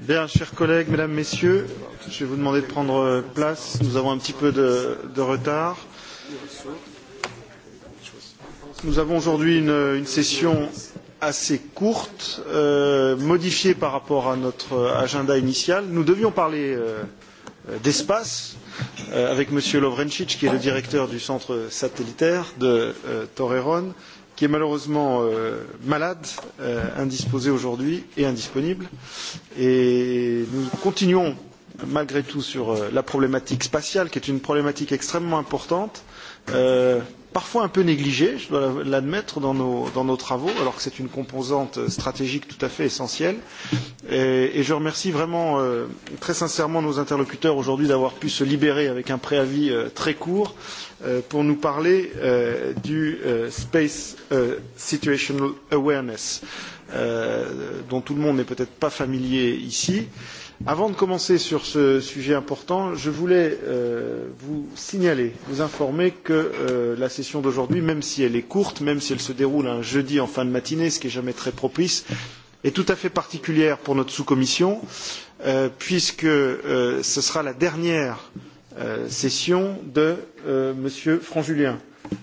Bien, chers collègues, mesdames, messieurs, je vais vous demander de prendre euh, place. Nous avons un petit peu de, de retard. Nous avons aujourd'hui une, une session assez courte, euh, modifiée par rapport à notre euh, agenda initial. Nous devions parler euh, d'espace euh, avec M. Lovrencic, qui est le directeur du centre satellitaire de euh, Torreón qui est malheureusement euh, malade, euh, indisposé aujourd'hui et indisponible. Et nous continuons malgré tout sur euh, la problématique spatiale, qui est une problématique extrêmement importante, euh, parfois un peu négligée, je dois l'admettre, dans nos, dans nos travaux, alors que c'est une composante stratégique tout à fait essentielle. Et, et je remercie vraiment euh, très sincèrement nos interlocuteurs aujourd'hui d'avoir pu se libérer avec un préavis euh, très court Euh, pour nous parler euh, du euh, Space euh, Situational Awareness, euh, dont tout le monde n'est peut-être pas familier ici. Avant de commencer sur ce sujet important, je voulais euh, vous signaler, vous informer que euh, la session d'aujourd'hui, même si elle est courte, même si elle se déroule un jeudi en fin de matinée, ce qui n'est jamais très propice, est tout à fait particulière pour notre sous-commission, euh, puisque euh, ce sera la dernière euh, euh, session de euh, M. Franjulien,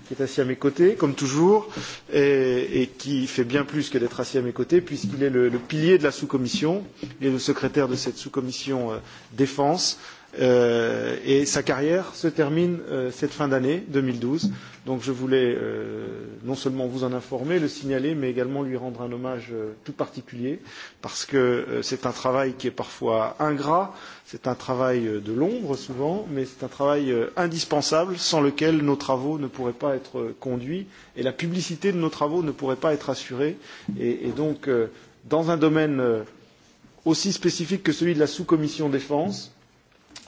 qui est assis à mes côtés, comme toujours, et, et qui fait bien plus que d'être assis à mes côtés, puisqu'il est le, le pilier de la sous-commission, il est le secrétaire de cette sous-commission euh, défense, euh, Euh, et sa carrière se termine euh, cette fin d'année 2012. Donc je voulais euh, non seulement vous en informer, le signaler, mais également lui rendre un hommage euh, tout particulier, parce que euh, c'est un travail qui est parfois ingrat, c'est un travail euh, de l'ombre souvent, mais c'est un travail euh, indispensable sans lequel nos travaux ne pourraient pas être euh, conduits et la publicité de nos travaux ne pourrait pas être assurée. Et, et donc, euh, dans un domaine euh, aussi spécifique que celui de la sous-commission défense,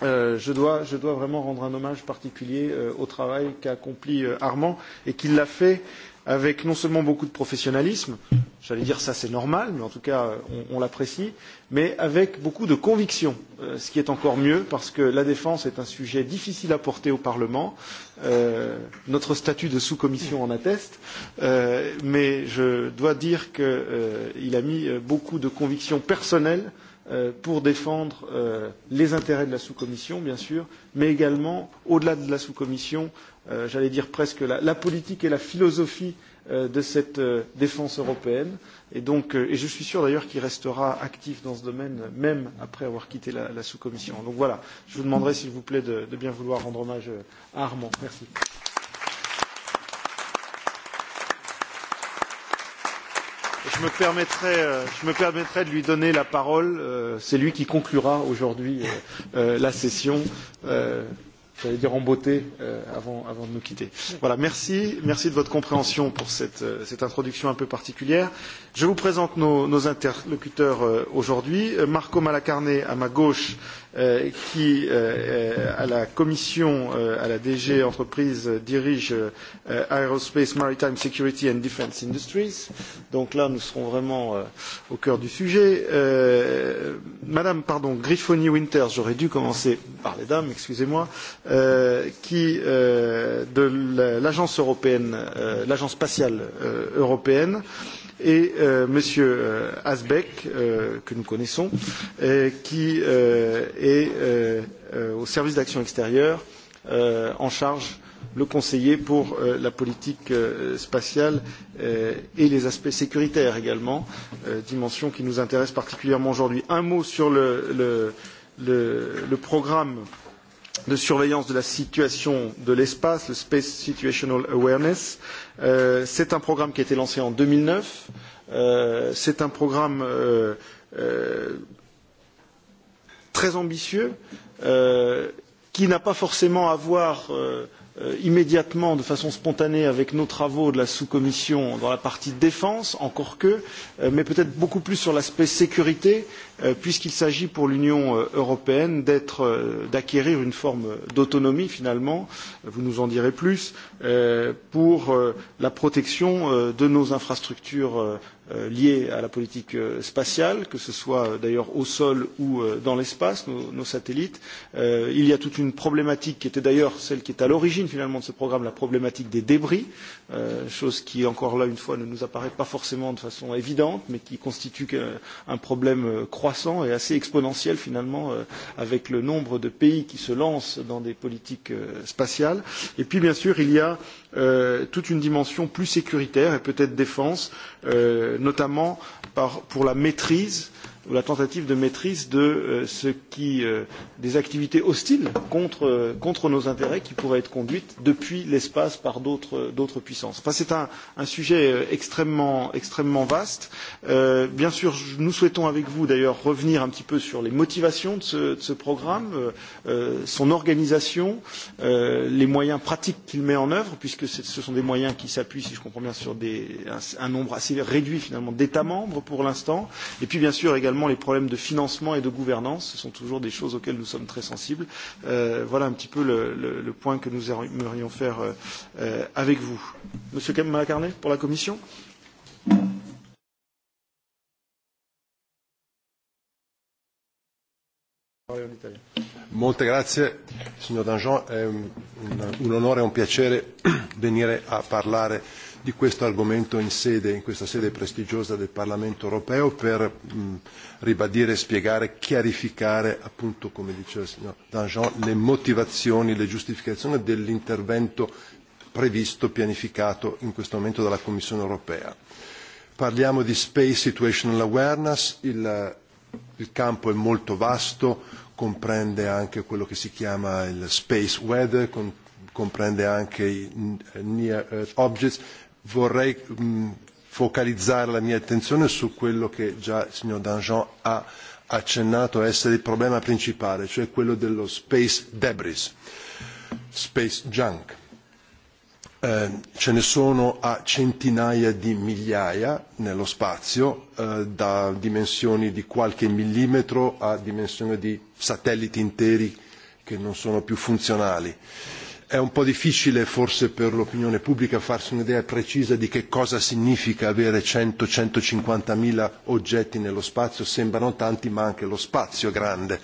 Euh, je, dois, je dois vraiment rendre un hommage particulier euh, au travail qu'a accompli euh, Armand et qu'il l'a fait avec non seulement beaucoup de professionnalisme, j'allais dire ça c'est normal, mais en tout cas euh, on, on l'apprécie, mais avec beaucoup de conviction, euh, ce qui est encore mieux parce que la défense est un sujet difficile à porter au Parlement, euh, notre statut de sous-commission en atteste, euh, mais je dois dire qu'il euh, a mis euh, beaucoup de conviction personnelle euh, Euh, pour défendre euh, les intérêts de la sous-commission, bien sûr, mais également, au-delà de la sous-commission, euh, j'allais dire presque la, la politique et la philosophie euh, de cette euh, défense européenne. Et donc, euh, et je suis sûr d'ailleurs qu'il restera actif dans ce domaine, même après avoir quitté la, la sous-commission. Donc voilà, je vous demanderai, s'il vous plaît, de, de bien vouloir rendre hommage euh, à Armand. Merci. Applaudissements Je me, permettrai, euh, je me permettrai de lui donner la parole. Euh, c'est lui qui conclura aujourd'hui euh, la session, j'allais dire en beauté, avant, avant de nous quitter. Voilà, merci. Merci de votre compréhension pour cette, cette introduction un peu particulière. Je vous présente nos, nos interlocuteurs aujourd'hui. Marco Malacarné, à ma gauche, euh, euh, qui, euh, à la Commission, euh, à la DG Entreprise, dirige euh, Aerospace, Maritime Security and Defense Industries. Donc là, nous serons vraiment euh, au cœur du sujet. Euh, Madame, pardon, Griffoni Winters, j'aurais dû commencer par les dames, excusez-moi, euh, qui, euh, de l'agence européenne, euh, l'agence spatiale euh, européenne, euh, et euh, Monsieur euh, Asbeck, euh, que nous connaissons, euh, qui euh, est euh, euh, au service d'action extérieure euh, en charge le conseiller pour euh, la politique euh, spatiale euh, et les aspects sécuritaires également, euh, dimension qui nous intéresse particulièrement aujourd'hui. Un mot sur le, le, le, le programme euh, de surveillance de la situation de l'espace, le Space Situational Awareness. Euh, c'est un programme qui a été lancé en 2009. Euh, c'est un programme euh, euh, très ambitieux euh, qui n'a pas forcément à voir euh, euh, immédiatement, de façon spontanée, avec nos travaux de la sous-commission dans la partie défense, encore que, euh, mais peut-être beaucoup plus sur l'aspect sécurité, euh, puisqu'il s'agit pour l'Union euh, européenne d'être, euh, d'acquérir une forme d'autonomie finalement, vous nous en direz plus, euh, pour euh, la protection euh, de nos infrastructures euh, Euh, liées à la politique euh, spatiale, que ce soit euh, d'ailleurs au sol ou dans l'espace, nos, nos satellites. Euh, il y a toute une problématique qui était d'ailleurs celle qui est à l'origine finalement de ce programme, la problématique des débris, euh, chose qui encore là une fois ne nous apparaît pas forcément de façon évidente, mais qui constitue un problème croissant et assez exponentiel finalement euh, avec le nombre de pays qui se lancent dans des politiques euh, spatiales. Et puis bien sûr il y a euh, euh, toute une dimension plus sécuritaire et peut-être défense, euh, notamment par, pour la maîtrise ou la tentative de maîtrise de euh, ce qui, euh, des activités hostiles contre, euh, contre nos intérêts qui pourraient être conduites depuis l'espace par d'autres puissances. Enfin, c'est un, un sujet euh, extrêmement, extrêmement vaste. Euh, bien sûr, nous souhaitons avec vous d'ailleurs revenir un petit peu sur les motivations de ce, de ce programme, euh, euh son organisation, euh, les moyens pratiques qu'il met en œuvre, puisque ce sont des moyens qui s'appuient, si je comprends bien, sur des, un, un nombre assez réduit finalement d'États membres pour l'instant, et puis bien sûr également également les problèmes de financement et de gouvernance. Ce sont toujours des choses auxquelles nous sommes très sensibles. Euh, voilà un petit peu le, le, le point que nous aimerions faire euh, euh avec vous. Monsieur Malacarné, pour la Commission. Molte grazie signor Danjean, è un, un onore e un piacere venire a parlare di questo argomento in, sede, in questa sede prestigiosa del Parlamento europeo per mh, ribadire, e spiegare, chiarificare, appunto come diceva il signor Danjean, le motivazioni, le giustificazioni dell'intervento previsto, pianificato in questo momento dalla Commissione europea. Parliamo di Space Situational Awareness, il, il campo è molto vasto, comprende anche quello che si chiama il Space Weather, con, comprende anche i Near Earth Objects, vorrei mh, mm, focalizzare la mia attenzione su quello che già il signor Danjean ha accennato essere il problema principale, cioè quello dello space debris, space junk. Eh, ce ne sono a centinaia di migliaia nello spazio, eh, da dimensioni di qualche millimetro a dimensioni di satelliti interi che non sono più funzionali. Eh, È un po' difficile forse per l'opinione pubblica farsi un'idea precisa di che cosa significa avere 100-150 mila oggetti nello spazio, sembrano tanti ma anche lo spazio è grande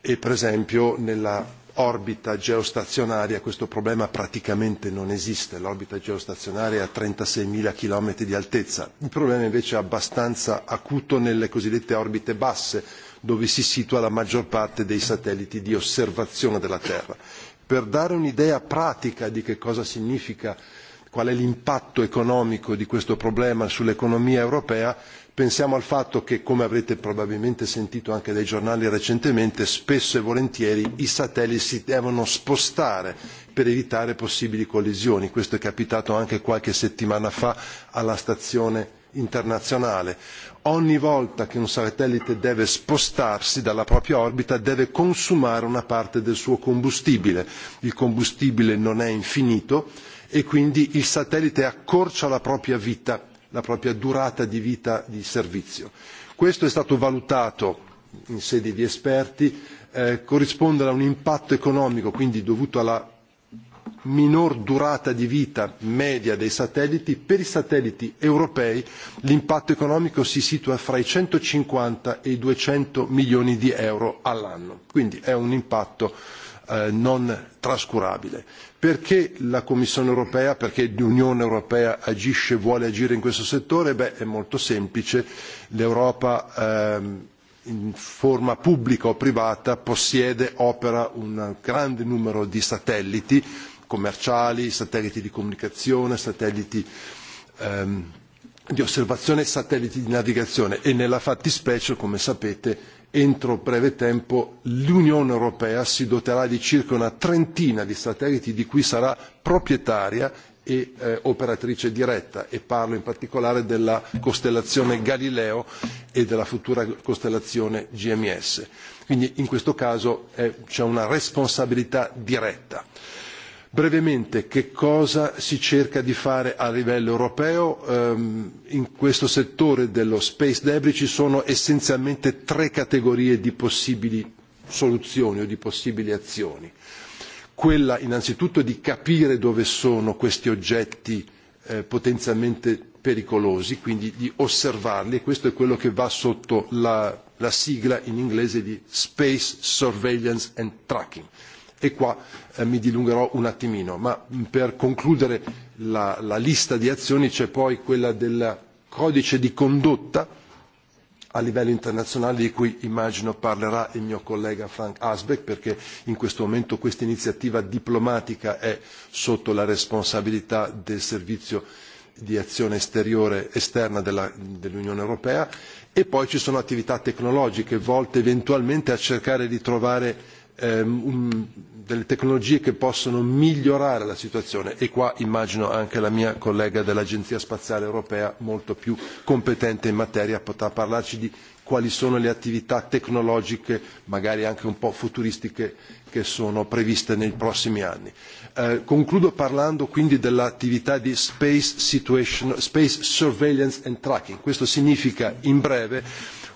e per esempio nella orbita geostazionaria questo problema praticamente non esiste, l'orbita geostazionaria è a 36.000 km di altezza, il problema invece è abbastanza acuto nelle cosiddette orbite basse dove si situa la maggior parte dei satelliti di osservazione della Terra per dare un'idea pratica di che cosa significa, qual è l'impatto economico di questo problema sull'economia europea, pensiamo al fatto che, come avrete probabilmente sentito anche dai giornali recentemente, spesso e volentieri i satelliti si devono spostare per evitare possibili collisioni. Questo è capitato anche qualche settimana fa alla stazione internazionale. Ogni volta che un satellite deve spostarsi dalla propria orbita deve consumare una parte del suo combustibile. Il combustibile non è infinito e quindi il satellite accorcia la propria vita, la propria durata di vita di servizio. Questo è stato valutato in sede di esperti, eh, corrisponde a un impatto economico, quindi dovuto alla minor durata di vita media dei satelliti, per i satelliti europei l'impatto economico si situa fra i 150 e i 200 milioni di euro all'anno, quindi è un impatto eh, non trascurabile. Perché la Commissione europea, perché l'Unione europea agisce e vuole agire in questo settore? Beh, è molto semplice. L'Europa ehm, in forma pubblica o privata possiede, opera un grande numero di satelliti commerciali, satelliti di comunicazione, satelliti ehm, di osservazione e satelliti di navigazione e nella fattispecie, come sapete, entro breve tempo l'Unione Europea si doterà di circa una trentina di satelliti di cui sarà proprietaria e eh, operatrice diretta e parlo in particolare della costellazione Galileo e della futura costellazione GMS. Quindi in questo caso eh, c'è una responsabilità diretta. Brevemente, che cosa si cerca di fare a livello europeo? Ehm, in questo settore dello space debris ci sono essenzialmente tre categorie di possibili soluzioni o di possibili azioni. Eh, quella innanzitutto di capire dove sono questi oggetti eh, potenzialmente pericolosi, quindi di osservarli e questo è quello che va sotto la, la sigla in inglese di Space Surveillance and Tracking. E qua eh, mi dilungherò un attimino, ma per concludere la, la lista di azioni c'è poi quella del codice di condotta a livello internazionale di cui immagino parlerà il mio collega Frank Asbeck perché in questo momento questa iniziativa diplomatica è sotto la responsabilità del servizio di azione esteriore esterna della, dell'Unione Europea e poi ci sono attività tecnologiche volte eventualmente a cercare di trovare ehm, un, delle tecnologie che possono migliorare la situazione e qua immagino anche la mia collega dell'Agenzia Spaziale Europea molto più competente in materia potrà parlarci di quali sono le attività tecnologiche, magari anche un po' futuristiche, che sono previste nei prossimi anni. Eh, concludo parlando quindi dell'attività di space, situation, space Surveillance and Tracking. Questo significa, in breve,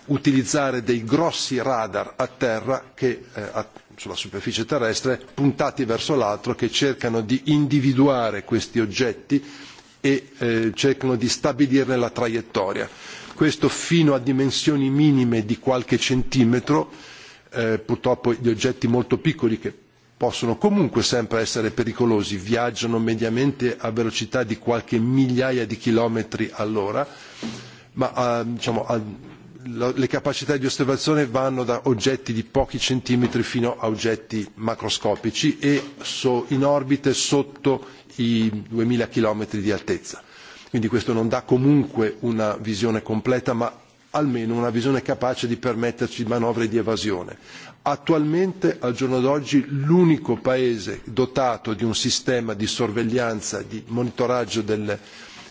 utilizzare dei grossi radar a terra che eh, sulla superficie terrestre puntati verso l'altro che cercano di individuare questi oggetti e eh, cercano di stabilirne la traiettoria. Questo fino a dimensioni minime di qualche centimetro, eh, purtroppo gli oggetti molto piccoli che possono comunque sempre essere pericolosi, viaggiano mediamente a velocità di qualche migliaia di chilometri all'ora, ma a, eh, diciamo, a le capacità di osservazione vanno da oggetti di pochi centimetri fino a oggetti macroscopici e so, in orbite sotto i 2000 km di altezza. Quindi questo non dà comunque una visione completa, ma almeno una visione capace di permetterci manovre di evasione. Attualmente, al giorno d'oggi, l'unico paese dotato di un sistema di sorveglianza, di monitoraggio del,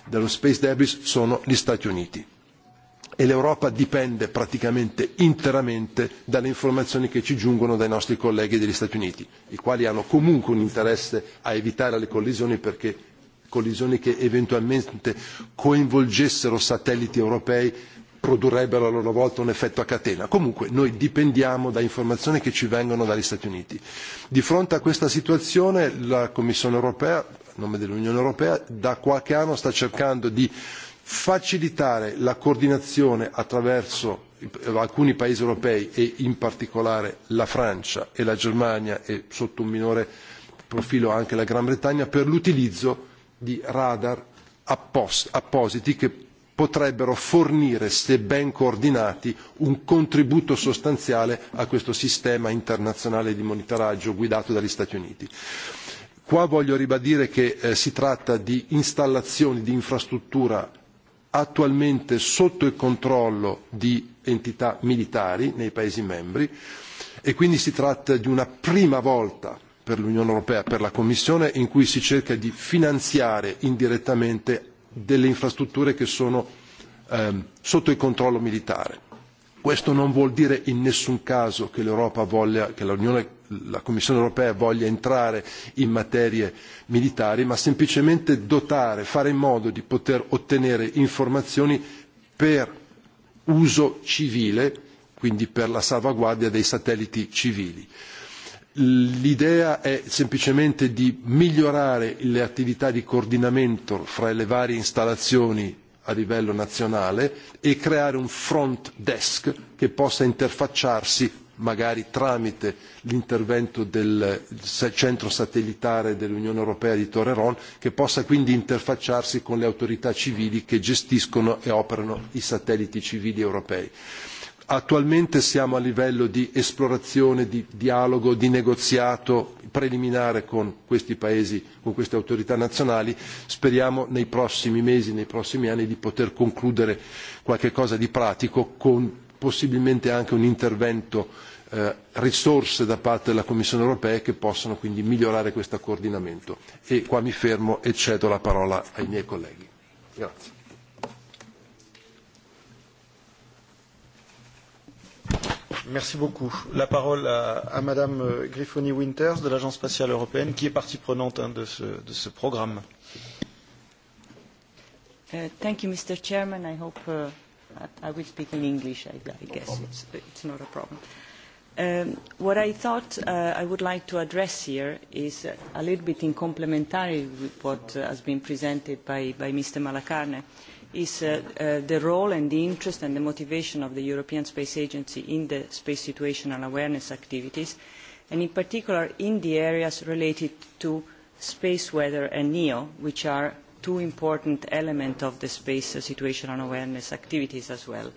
dello space debris sono gli Stati Uniti e l'Europa dipende praticamente interamente dalle informazioni che ci giungono dai nostri colleghi degli Stati Uniti, i quali hanno comunque un interesse a evitare le collisioni perché collisioni che eventualmente coinvolgessero satelliti europei produrrebbero a loro volta un effetto a catena. Comunque noi dipendiamo da informazioni che ci vengono dagli Stati Uniti. Di fronte a questa situazione la Commissione europea, a nome dell'Unione europea, da qualche anno sta cercando di facilitare la coordinazione attraverso alcuni paesi europei e in particolare la Francia e la Germania e sotto un minore profilo anche la Gran Bretagna per l'utilizzo di radar appos- appositi che potrebbero fornire, se ben coordinati, un contributo sostanziale a questo sistema internazionale di monitoraggio guidato dagli Stati Uniti. Qua voglio ribadire che eh, si tratta di installazioni di infrastruttura attualmente sotto il controllo di entità militari nei Paesi membri e quindi si tratta di una prima volta per l'Unione Europea, per la Commissione, in cui si cerca di finanziare indirettamente delle infrastrutture che sono ehm, sotto il controllo militare. Questo non vuol dire in nessun caso che l'Europa voglia, che l'Unione la Commissione europea voglia entrare in materie militari, ma semplicemente dotare, fare in modo di poter ottenere informazioni per uso civile, quindi per la salvaguardia dei satelliti civili. L'idea è semplicemente di migliorare le attività di coordinamento fra le varie installazioni a livello nazionale e creare un front desk che possa interfacciarsi magari tramite l'intervento del centro satellitare dell'Unione Europea di Torreron, che possa quindi interfacciarsi con le autorità civili che gestiscono e operano i satelliti civili europei. Attualmente siamo a livello di esplorazione, di dialogo, di negoziato preliminare con questi paesi, con queste autorità nazionali. Speriamo nei prossimi mesi, nei prossimi anni di poter concludere qualche cosa di pratico con possibilmente anche un intervento eh, risorse da parte della Commissione europea che possano quindi migliorare questo coordinamento. E qua mi fermo e cedo la parola ai miei colleghi. Grazie. Merci beaucoup. La parole à, à Madame euh, Griffoni-Winters de l'Agence spatiale européenne, qui est partie prenante hein, de, ce, de ce programme. Uh, thank you, Mr. Chairman. I hope uh, I, I will speak in English. I, I guess it's, it's not a problem. Um, what I thought uh, I would like to address here is a little bit in complementary with what uh, has been presented by, by Mr. Malacarne. Uh, is uh, uh, the role and the interest and the motivation of the European Space Agency in the space situational awareness activities, and in particular in the areas related to space weather and NEO, which are two important elements of the space uh, situational awareness activities as well.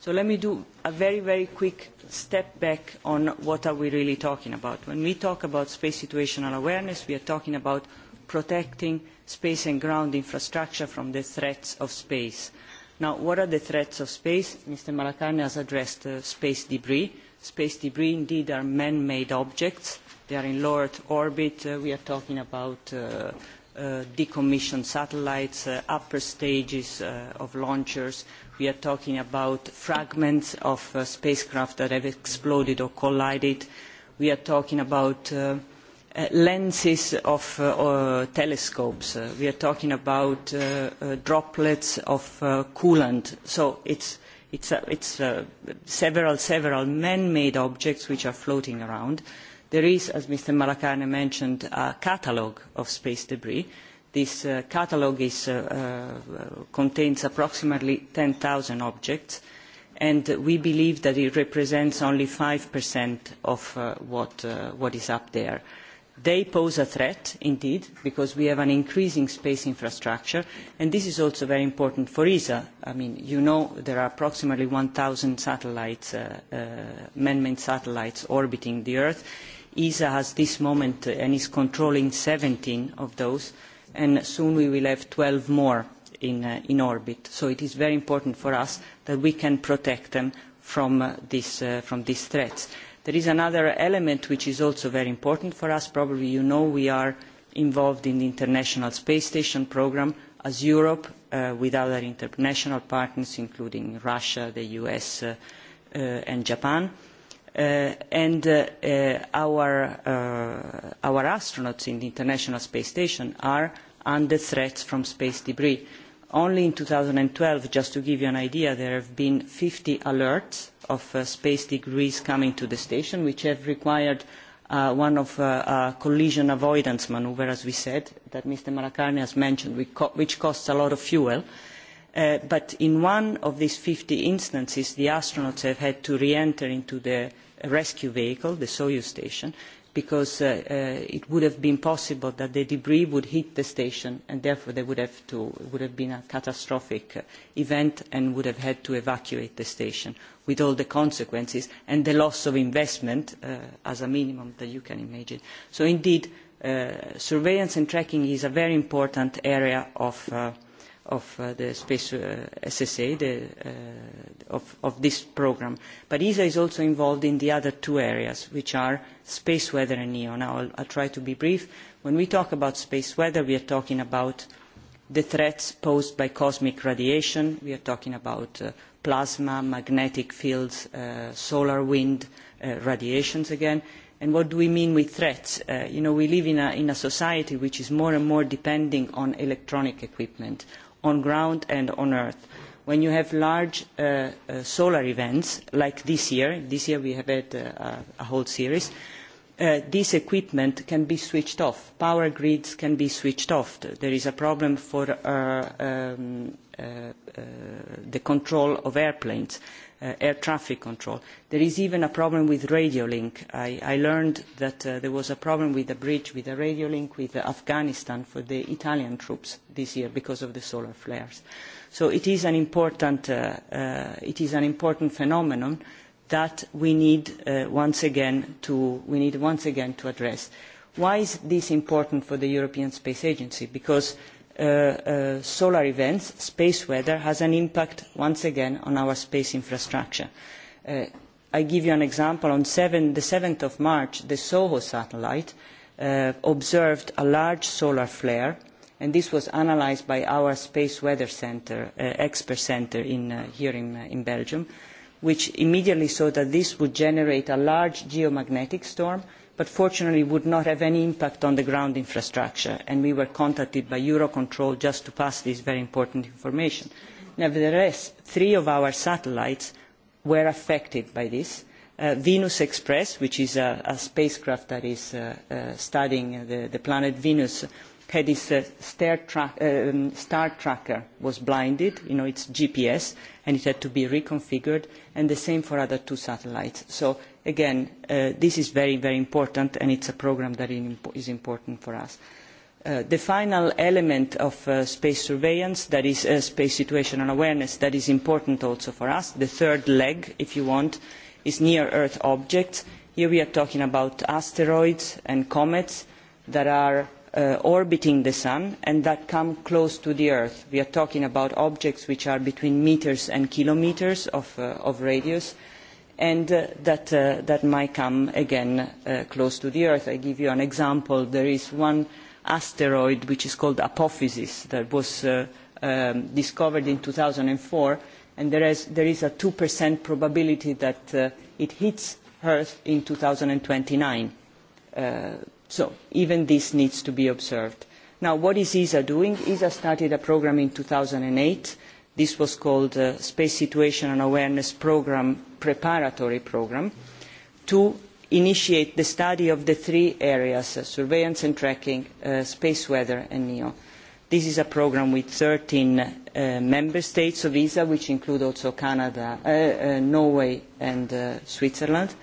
So let me do a very, very quick step back on what are we really talking about. When we talk about space situational awareness, we are talking about protecting space and ground infrastructure from the threats of space. Now, what are the threats of space? Mr. Malakarni has addressed uh, space debris. Space debris, indeed, are man-made objects. They are in low Earth orbit. Uh, we are talking about uh, uh, decommissioned satellites, uh, upper stages uh, of launchers. We are talking about fragments of uh, spacecraft that have exploded or collided. We are talking about uh, uh, lenses of uh, uh, telescopes. Uh, we are talking about uh, uh, droplets of uh, coolant. So it's, it's, uh, it's uh, several, several man-made objects which are floating around. There is, as Mr. Malakane mentioned, a catalogue of space debris. This uh, catalogue is, uh, uh, contains approximately 10,000 objects and we believe that it represents only 5% of uh, what, uh, what is up there. Uh, they pose a threat indeed because we have an increasing space infrastructure and this is also very important for ESA. I mean, you know there are approximately 1,000 satellites, uh, uh, man-made satellites orbiting the Earth. ESA has this moment uh, and is controlling 17 of those and soon we will have 12 more in, uh, in orbit. So it is very important for us that we can protect them from, uh, this, uh, from these threats. Uh, There is another element which is also very important for us. Probably you know we are involved in the International Space Station program as Europe uh, with other international partners including Russia, the US uh, uh, and Japan. Uh, and uh, uh, our, uh, our astronauts in the International Space Station are under threats from space debris. Uh, Only in 2012, just to give you an idea, there have been 50 alerts of uh, space degrees coming to the station, which have required uh, one of uh, uh, collision avoidance maneuver, as we said, that Mr. Maracarne has mentioned, which, co which costs a lot of fuel. Uh, but in one of these 50 instances, the astronauts have had to re-enter into the rescue vehicle, the Soyuz station, because uh, uh, it would have been possible that the debris would hit the station and therefore there would have, to, would have been a catastrophic uh, event and would have had to evacuate the station with all the consequences and the loss of investment uh, as a minimum that you can imagine. So indeed, uh, surveillance and tracking is a very important area of uh, of uh, the space uh, SSA the, uh, of, of this program. But ESA is also involved in the other two areas, which are space weather and NEO. Now, I'll, I'll try to be brief. When we talk about space weather, we are talking about the threats posed by cosmic radiation. We are talking about uh, plasma, magnetic fields, uh, solar wind uh, radiations again. And what do we mean with threats? Uh, you know, we live in a, in a society which is more and more depending on electronic equipment, on the ground and on earth. when you have large uh, uh, solar events like this year this year we have had uh, a whole series uh, this equipment can be switched off. Power grids can be switched off. There is a problem for uh, um, uh, uh, the control of airplanes uh, air traffic control. There is even a problem with radio link. I, I learned that uh, there was a problem with a bridge, with a radio link with Afghanistan for the Italian troops this year because of the solar flares. So it is an important, uh, uh, it is an important phenomenon that we need, uh, once again to, we need once again to address. Why is this important for the European Space Agency? Because uh, uh, uh, solar events, space weather has an impact once again on our space infrastructure. Uh, I give you an example. On 7, the 7th of March, the SOHO satellite uh, observed a large solar flare, and this was analyzed by our Space Weather Center, uh, expert center in, uh, here in, uh, in Belgium, which immediately saw that this would generate a large geomagnetic storm, uh, but fortunately would not have any impact on the ground infrastructure, and we were contacted by Eurocontrol just to pass this very important information. Nevertheless, three of our satellites were affected by this. Uh, Venus Express, which is a, a spacecraft that is uh, uh, studying uh, the, the planet Venus, had its uh, star, tra- uh, um, star tracker was blinded, you know, its GPS, and it had to be reconfigured, and the same for other two satellites. So again, uh, this is very, very important, and it's a program that is important for us. Uh, the final element of uh, space surveillance, that is uh, space situational awareness, that is important also for us. The third leg, if you want, is near-Earth objects. Here we are talking about asteroids and comets that are uh, orbiting the Sun and that come close to the Earth. We are talking about objects which are between meters and kilometers of, uh, of radius, uh, and uh, that, uh, that might come again uh, close to the Earth. I give you an example. There is one asteroid which is called Apophysis that was uh, um, discovered in 2004, and there is, there is a 2% probability that uh, it hits Earth in 2029. Uh, so even this needs to be observed. Now, what is ESA doing? ESA started a program in 2008 This was called uh, Space Situation and Awareness Program, preparatory program, to initiate the study of the three areas, uh, surveillance and tracking, uh, space weather and NEO. This is a program with 13 uh, member states of ESA, which include also Canada, uh, uh, Norway and uh, Switzerland.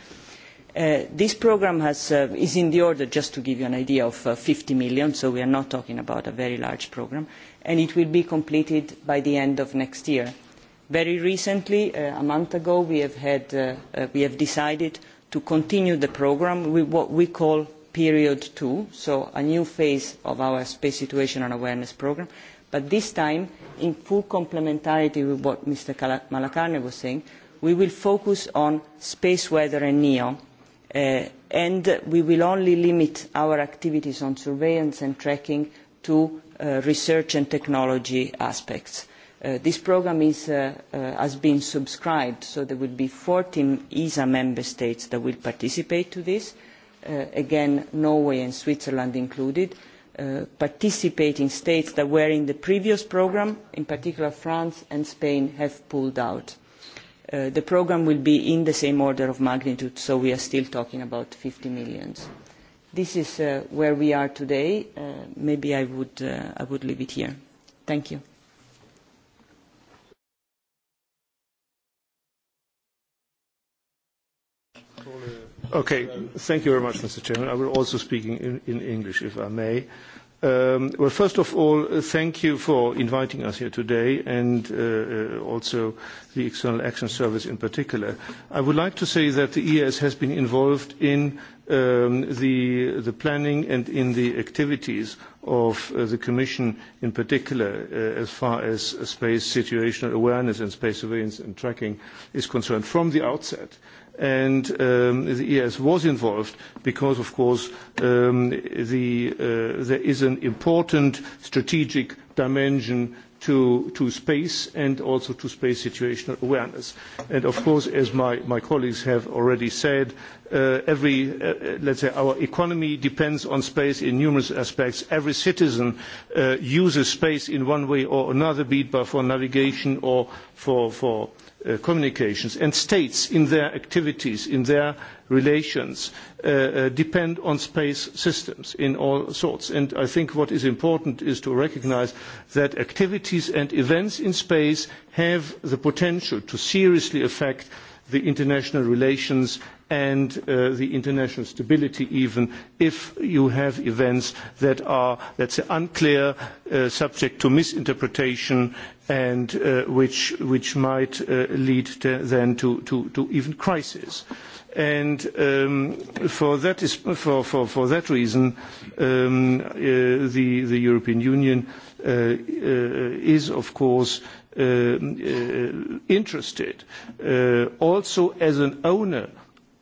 Uh, this program has, uh, is in the order, just to give you an idea, of uh, 50 million, so we are not talking about a very large program, and it will be completed by the end of next year. Very recently, uh, a month ago, we have, had, uh, uh, we have decided to continue the programme with what we call period two, so a new phase of our space situation and awareness programme, but this time in full complementarity with what Mr. Malacarne was saying, we will focus on space weather and NEO, uh, and we will only limit our activities on surveillance and tracking to uh, research and technology aspects. Uh, this program is, uh, uh, has been subscribed, so there will be 14 ESA member states that will participate to this. Uh, again, Norway and Switzerland included. Uh, participating states that were in the previous program, in particular France and Spain, have pulled out. Uh, the program will be in the same order of magnitude, so we are still talking about 50 million. Uh, This is uh, where we are today. Uh, maybe I would, uh, I would leave it here. Thank you. Okay. Thank you very much, Mr. Chairman. I will also speak in, in English, if I may. Um, well, first of all, uh, thank you for inviting us here today and uh, uh, also the External Action Service in particular. I would like to say that the EAS has been involved in um, the, the planning and in the activities of uh, the Commission in particular uh, as far as uh, space situational awareness and space surveillance and tracking is concerned from the outset. And um, the ES was involved because, of course, um, the, uh, there is an important strategic dimension to, to space and also to space situational awareness. And of course, as my, my colleagues have already said, uh, every, uh, uh, let's say, our economy depends on space in numerous aspects. Every citizen uh, uses space in one way or another, be it for navigation or for, for uh, communications. And states, in their activities, in their relations, uh, uh, depend on space systems in all sorts. And I think what is important is to recognize that activities and events in space have the potential to seriously affect the international relations and uh, the international stability even if you have events that are, let's say, unclear, uh, subject to misinterpretation and uh, which, which might uh, lead to, then to, to, to even crisis. And um, for, that is, for, for, for that reason, um, uh, the, the European Union uh, uh, is, of course, uh, uh, interested uh, also as an owner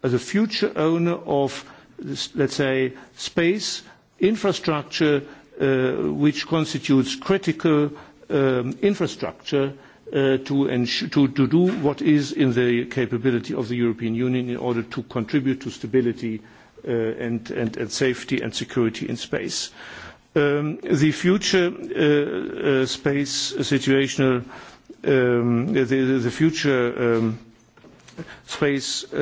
the future owner of, let's say, space infrastructure uh, which constitutes critical um, infrastructure uh, to, to, to do what is in the capability of the European Union in order to contribute to stability uh, and, and, and safety and security in space. Um, the future uh, uh, space situational, um, the, the future um, space uh,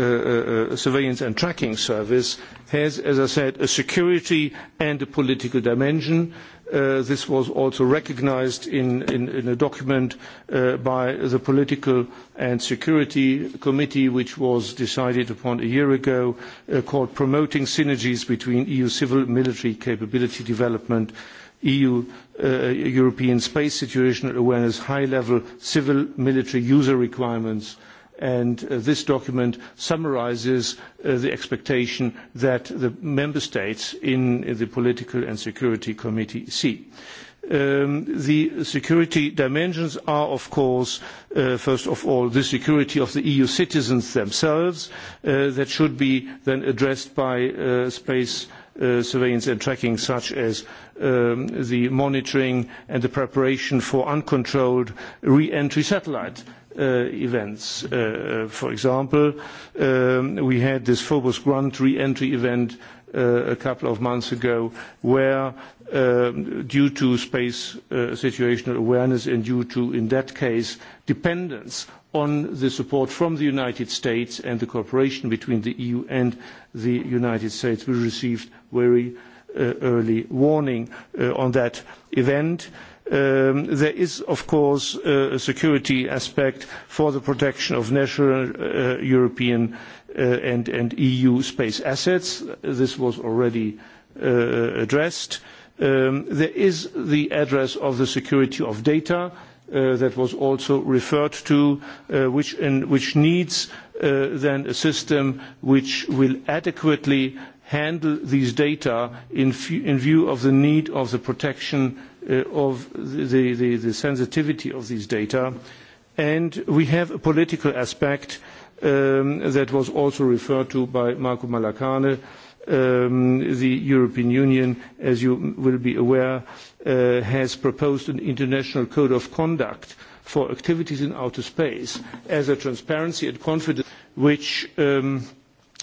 uh, uh, surveillance and tracking service has, as I said, a security and a political dimension. Uh, this was also recognized in, in, in a document uh, by the Political and Security Committee, which was decided upon a year ago, uh, called Promoting Synergies Between EU Civil and Military Capability Development, EU uh, European Space Situational Awareness, High-Level Civil Military User Requirements, uh, and uh, this document summarizes uh, the expectation that the member states in, in the political and security committee see. Um, the security dimensions are of course uh, first of all the security of the eu citizens themselves uh, that should be then addressed by uh, space uh, surveillance and tracking such as um, the monitoring and the preparation for uncontrolled re-entry satellite uh, uh, events. Uh, uh, for example, um, we had this Phobos Grunt re-entry event uh, a couple of months ago, where um, due to space uh, situational awareness and due to, in that case, dependence on the support from the United States and the cooperation between the EU and the United States, we received very uh, early warning uh, on that event. Uh, Um, there is, of course, uh, a security aspect for the protection of national uh, European uh, and, and EU space assets. This was already uh, addressed. Um, there is the address of the security of data uh, that was also referred to, uh, which, in, which needs uh, then a system which will adequately handle these data in, f- in view of the need of the protection uh, uh, of the, the, the sensitivity of these data. And we have a political aspect um, that was also referred to by Marco Malacane. Um, the European Union, as you will be aware, uh, has proposed an international code of conduct for activities in outer space as a transparency and confidence which um,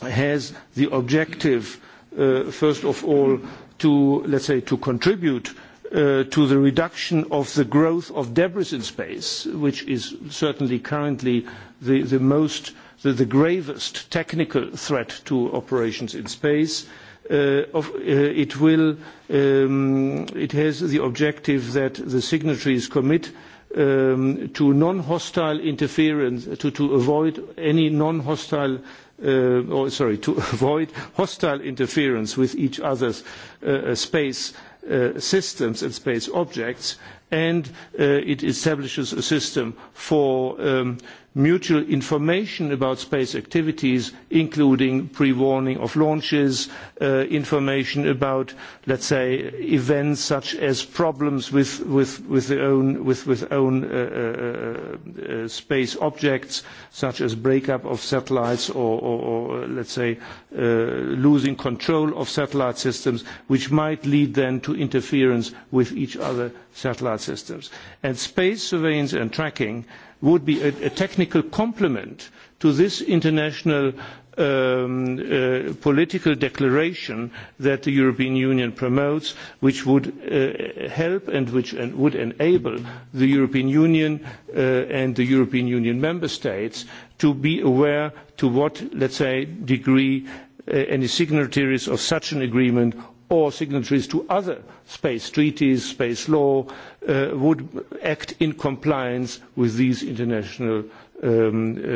has the objective, uh, first of all, to, let's say, to contribute uh, to the reduction of the growth of debris in space, which is certainly currently the, the most, the, the gravest technical threat to operations in space. Uh, of, uh, it, will, um, it has the objective that the signatories commit um, to non-hostile interference, to, to avoid any non-hostile uh, or sorry, to avoid hostile interference with each other's uh, space uh, systems and space objects, and uh, it establishes a system for um, mutual information about space activities, including pre-warning of launches, uh, information about, let's say, events such as problems with, with, with their own, with, with own uh, uh, uh, space objects, such as breakup of satellites or, or, or let's say, uh, losing control of satellite systems, which might lead then to interference with each other satellite systems. And space surveillance and tracking uh, would be a, a technical complement to this international um, uh, political declaration that the European Union promotes, which would uh, help and which en- would enable the European Union uh, and the European Union member states to be aware to what, let's say, degree uh, any signatories of such an agreement or signatories to other space treaties, space law, uh, would act in compliance with these international um, uh,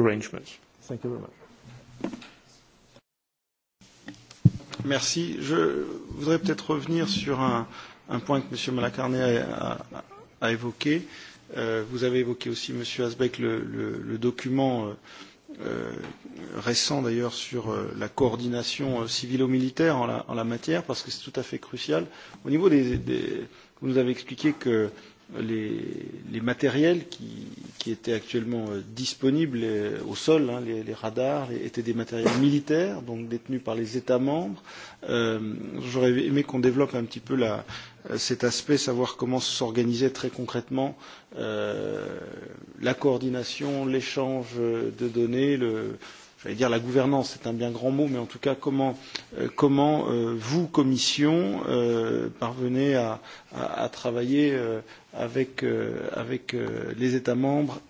arrangements. Thank you very much. Merci. Je voudrais peut-être revenir sur un, un point que M. Malacarné a, a, a évoqué. Euh, vous avez évoqué aussi, M. Asbeck, le, le, le document euh, euh, récent d'ailleurs sur euh, la coordination euh, civilo-militaire en la, en la matière, parce que c'est tout à fait crucial. Au niveau des, des vous nous avez expliqué que les, les matériels qui, qui étaient actuellement euh, disponibles euh, au sol, hein, les, les radars, les, étaient des matériels militaires, donc détenus par les États membres. Euh, J'aurais aimé qu'on développe un petit peu la, euh, cet aspect, savoir comment s'organisait très concrètement euh, la coordination, l'échange de données, le, euh, j'allais dire la gouvernance c'est un bien grand mot, mais en tout cas comment, euh, comment euh, vous, Commission, euh, parvenez à, à, à travailler euh, avec, euh, avec euh, les États membres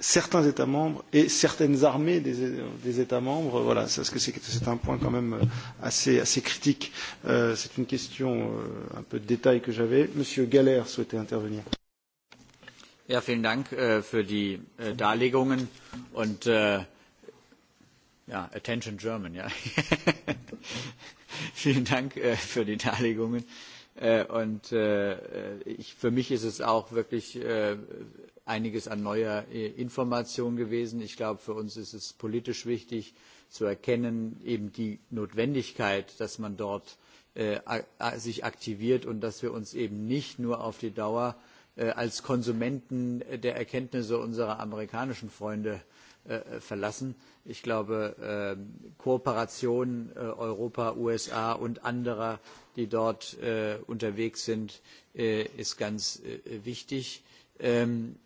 certains États membres et certaines armées des, des États membres. Voilà, parce que c'est un point quand même euh, assez, assez critique. Euh, c'est une question euh, un peu de détail que j'avais. Monsieur Galère souhaitait intervenir. Ja, vielen Dank äh, für die äh, Darlegungen. Und äh, Ja, Attention German, ja. Vielen Dank äh, für die Darlegungen. Äh, und äh, äh, ich, für mich ist es auch wirklich äh, einiges an neuer äh, Information gewesen. Ich glaube, für uns ist es politisch wichtig zu erkennen, eben die Notwendigkeit, dass man dort äh, sich aktiviert und dass wir uns eben nicht nur auf die Dauer äh, als Konsumenten äh, der Erkenntnisse unserer amerikanischen Freunde Äh, äh, verlassen. Ich glaube, ähm, Kooperation äh, Europa, USA und anderer, die dort unterwegs sind, ist ganz wichtig. Ähm,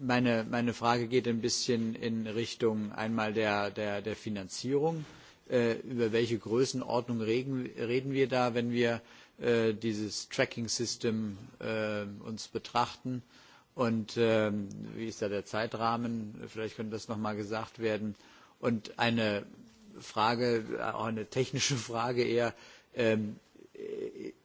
meine, meine Frage geht ein bisschen in Richtung einmal der, der, der Finanzierung. Über welche Größenordnung reden, reden wir da, wenn wir dieses Tracking-System uns betrachten? Äh, Und ähm, wie ist da der Zeitrahmen? Vielleicht könnte das nochmal gesagt werden. Und eine Frage, auch eine technische Frage eher, ähm,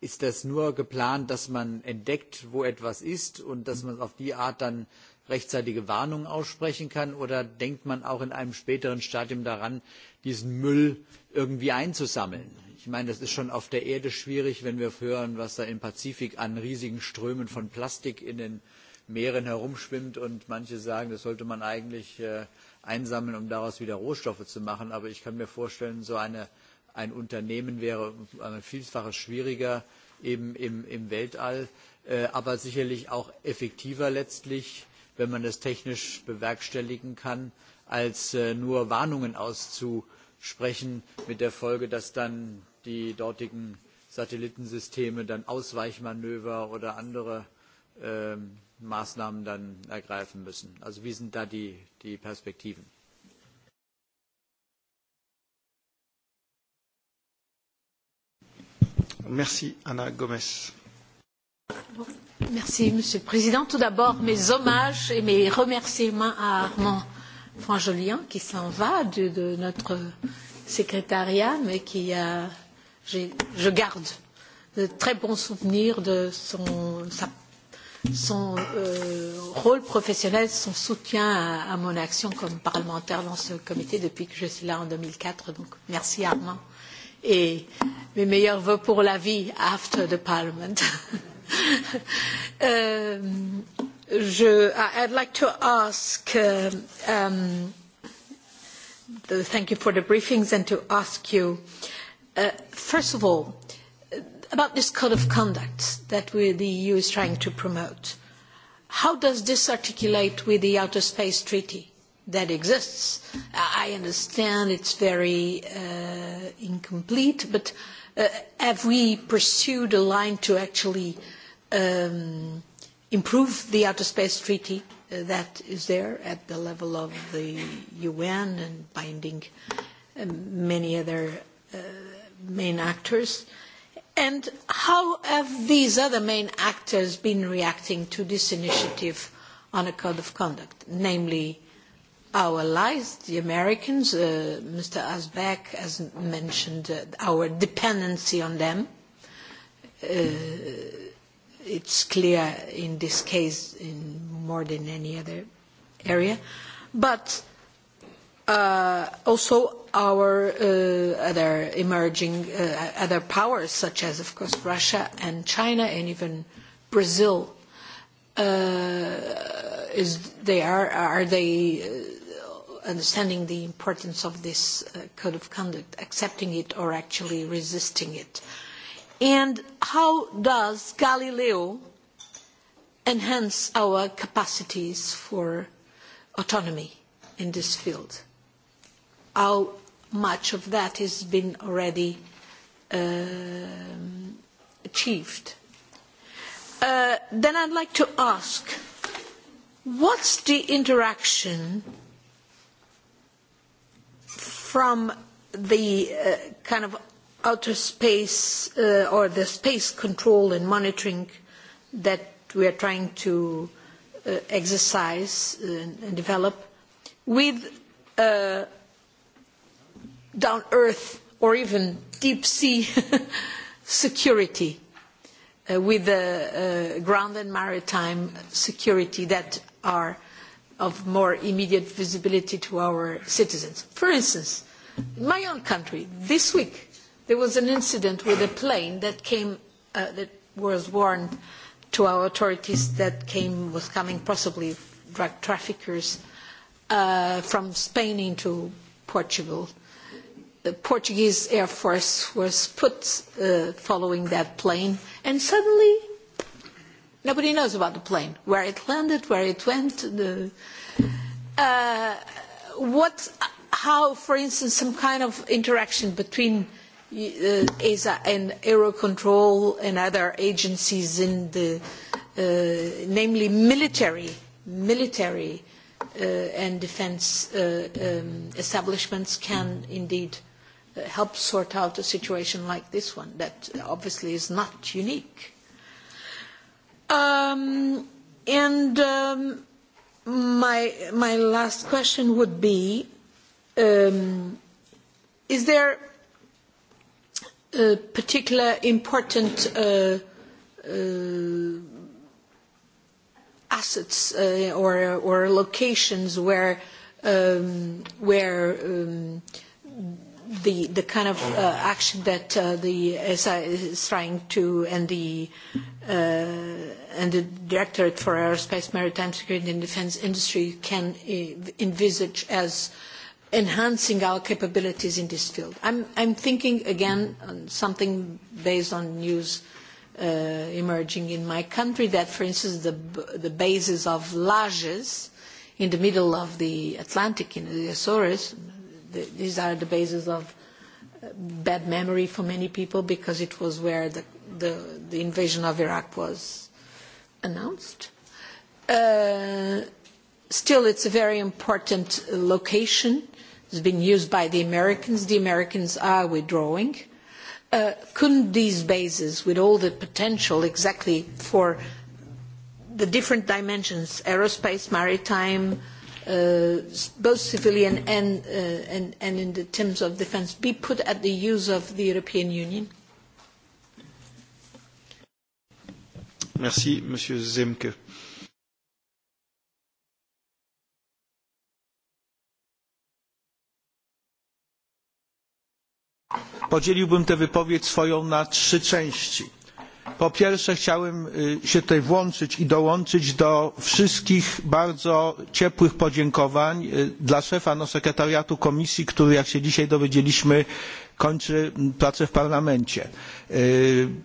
ist das nur geplant, dass man entdeckt, wo etwas ist und dass man auf die Art dann rechtzeitige Warnungen aussprechen kann? Oder denkt man auch in einem späteren Stadium daran, diesen Müll irgendwie einzusammeln? Ich meine, das ist schon auf der Erde schwierig, wenn wir hören, was da im Pazifik an riesigen Strömen von Plastik in den äh, Meeren herumschwimmt und manche sagen, das sollte man eigentlich äh, einsammeln, um daraus wieder Rohstoffe zu machen. Aber ich kann mir vorstellen, so eine, ein Unternehmen wäre ein Vielfaches schwieriger eben im, im Weltall, äh, aber sicherlich auch effektiver letztlich, wenn man das technisch bewerkstelligen kann, als äh, nur Warnungen auszusprechen, mit der Folge, dass dann die dortigen Satellitensysteme dann Ausweichmanöver oder andere ähm, Maßnahmen dann ergreifen müssen. Also wie sind da die, die Perspektiven? Merci, Anna Gomez. Merci, Monsieur le Président. Tout d'abord, mes hommages et mes remerciements à Armand Franjolian qui s'en va de, de notre secrétariat, mais qui a, je garde de très bons souvenirs de son, sa son euh, rôle professionnel, son soutien à, à mon action comme parlementaire dans ce comité depuis que je suis là en 2004. Donc merci Armand et mes meilleurs voeux pour la vie after the parliament. euh, je, I'd like to ask, uh, um, the, thank you for the briefings and to ask you, uh, first of all, uh, about this code of conduct that we, the EU is trying to promote. How does this articulate with the Outer Space Treaty that exists? I understand it's very uh, incomplete, but uh, have we pursued a line to actually um, improve the Outer Space Treaty uh, that is there at the level of the UN and binding uh, many other uh, main actors? Uh, And how have these other main actors been reacting to this initiative on a code of conduct, namely our allies, the Americans, uh, Mr. Asbeck has mentioned uh, our dependency on them. Uh, it's clear in this case in more than any other area. But Uh, also, our uh, other emerging uh, other powers, such as, of course, Russia and China, and even Brazil, uh, is they are are they uh, understanding the importance of this uh, code of conduct, accepting it, or actually resisting it? And how does Galileo enhance our capacities for autonomy in this field? how much of that has been already uh, achieved. Uh, then I'd like to ask, what's the interaction from the uh, kind of outer space uh, or the space control and monitoring that we are trying to uh, exercise and, and develop with uh, down earth or even deep sea security uh, with the uh, uh, ground and maritime security that are of more immediate visibility to our citizens. For instance, in my own country, this week, there was an incident with a plane that came, uh, that was warned to our authorities that came, was coming possibly drug traffickers uh, from Spain into Portugal. Uh, the Portuguese Air Force was put uh, following that plane, and suddenly nobody knows about the plane, where it landed, where it went. The, uh, what, how, for instance, some kind of interaction between uh, ESA and Aerocontrol and other agencies in the, uh, namely military, military uh, and defense uh, um, establishments can indeed uh, Uh, help sort out a situation like this one that obviously is not unique. Um, and um, my, my last question would be, um, is there a particular important uh, uh, assets uh, or, or locations where, um, where um, the the kind of uh, action that uh, the SI is trying to and the uh, and the Directorate for Aerospace, Maritime Security and Defence Industry can uh, envisage as enhancing our capabilities in this field. I'm I'm thinking again on something based on news uh, emerging in my country that, for instance, the the bases of Lages in the middle of the Atlantic in the Azores the, these are the basis of uh, bad memory for many people because it was where the, the, the invasion of Iraq was announced. Uh, still, it's a very important location. It's been used by the Americans. The Americans are withdrawing. Uh, couldn't these bases, with all the potential exactly for the different dimensions, aerospace, maritime, uh, uh, both civilian and, uh, and, and in the terms of defense, be put at the use of the European Union? Merci, Monsieur Zemke. Podzieliłbym tę wypowiedź swoją na trzy części po pierwsze chciałem się tutaj włączyć i dołączyć do wszystkich bardzo ciepłych podziękowań dla szefa no, sekretariatu komisji który jak się dzisiaj dowiedzieliśmy kończy pracę w parlamencie.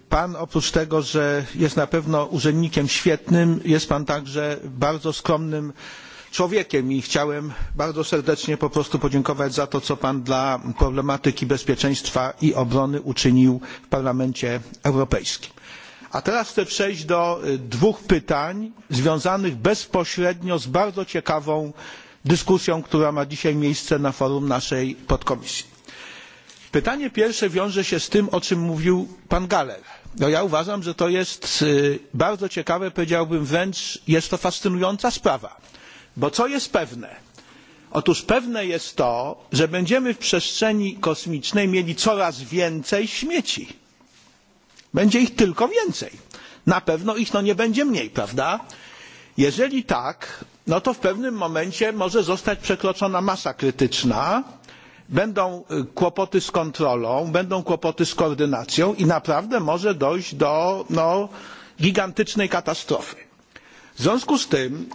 pan oprócz tego że jest na pewno urzędnikiem świetnym jest pan także bardzo skromnym człowiekiem i chciałem bardzo serdecznie po prostu podziękować za to co pan dla problematyki bezpieczeństwa i obrony uczynił w parlamencie europejskim. A teraz chcę przejść do dwóch pytań związanych bezpośrednio z bardzo ciekawą dyskusją, która ma dzisiaj miejsce na forum naszej podkomisji. Pytanie pierwsze wiąże się z tym, o czym mówił pan Galer. No ja uważam, że to jest bardzo ciekawe, powiedziałbym wręcz jest to fascynująca sprawa. Bo co jest pewne? Otóż pewne jest to, że będziemy w przestrzeni kosmicznej mieli coraz więcej śmieci Będzie ich tylko więcej. Na pewno ich no nie będzie mniej, prawda? Jeżeli tak, no to w pewnym momencie może zostać przekroczona masa krytyczna, będą kłopoty z kontrolą, będą kłopoty z koordynacją i naprawdę może dojść do no, gigantycznej katastrofy. W związku z tym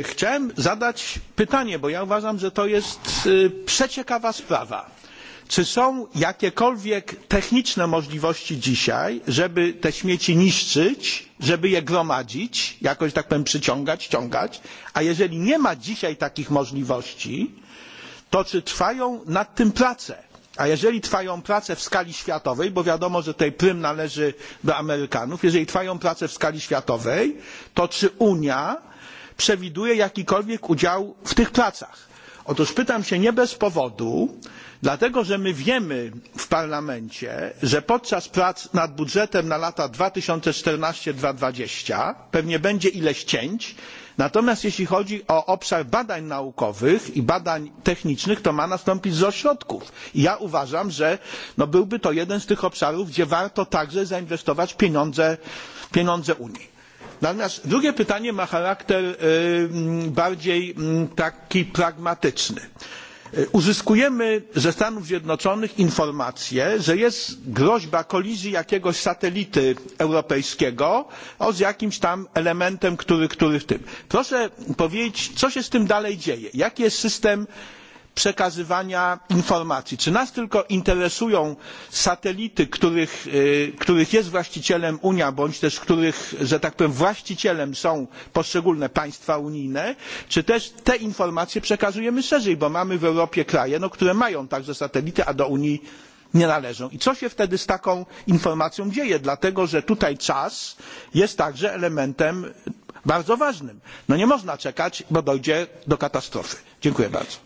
y, chciałem zadać pytanie, bo ja uważam, że to jest y, przeciekawa sprawa czy są jakiekolwiek techniczne możliwości dzisiaj żeby te śmieci niszczyć żeby je gromadzić jakoś tak powiem przyciągać ściągać a jeżeli nie ma dzisiaj takich możliwości to czy trwają nad tym prace? a jeżeli trwają prace w skali światowej bo wiadomo że tutaj prym należy do amerykanów jeżeli trwają prace w skali światowej to czy unia przewiduje jakikolwiek udział w tych pracach? otóż pytam się nie bez powodu dlatego że my wiemy w parlamencie że podczas prac nad budżetem na lata dwa tysiące czternaście dwa tysiące dwadzieścia pewnie będzie ileś cięć natomiast jeśli chodzi o obszar badań naukowych i badań technicznych to ma nastąpić wzrost środków i ja uważam że no byłby to jeden z tych obszarów gdzie warto także zainwestować pieniądze pieniądze unii. Natomiast drugie pytanie ma charakter e, bardziej taki pragmatyczny. E, uzyskujemy ze Stanów Zjednoczonych informację, że jest groźba kolizji jakiegoś satelity europejskiego o z jakimś tam elementem, który, który w tym. Proszę powiedzieć, co się z tym dalej dzieje? Jaki jest system przekazywania informacji. Czy nas tylko interesują satelity, których, e, których jest właścicielem Unia, bądź też których, że tak powiem, właścicielem są poszczególne państwa unijne, czy też te informacje przekazujemy szerzej, bo mamy w Europie kraje, no, które mają także satelity, a do Unii nie należą. I co się wtedy z taką informacją dzieje? Dlatego, że tutaj czas jest także elementem bardzo ważnym. No nie można czekać, bo dojdzie do katastrofy. Dziękuję bardzo.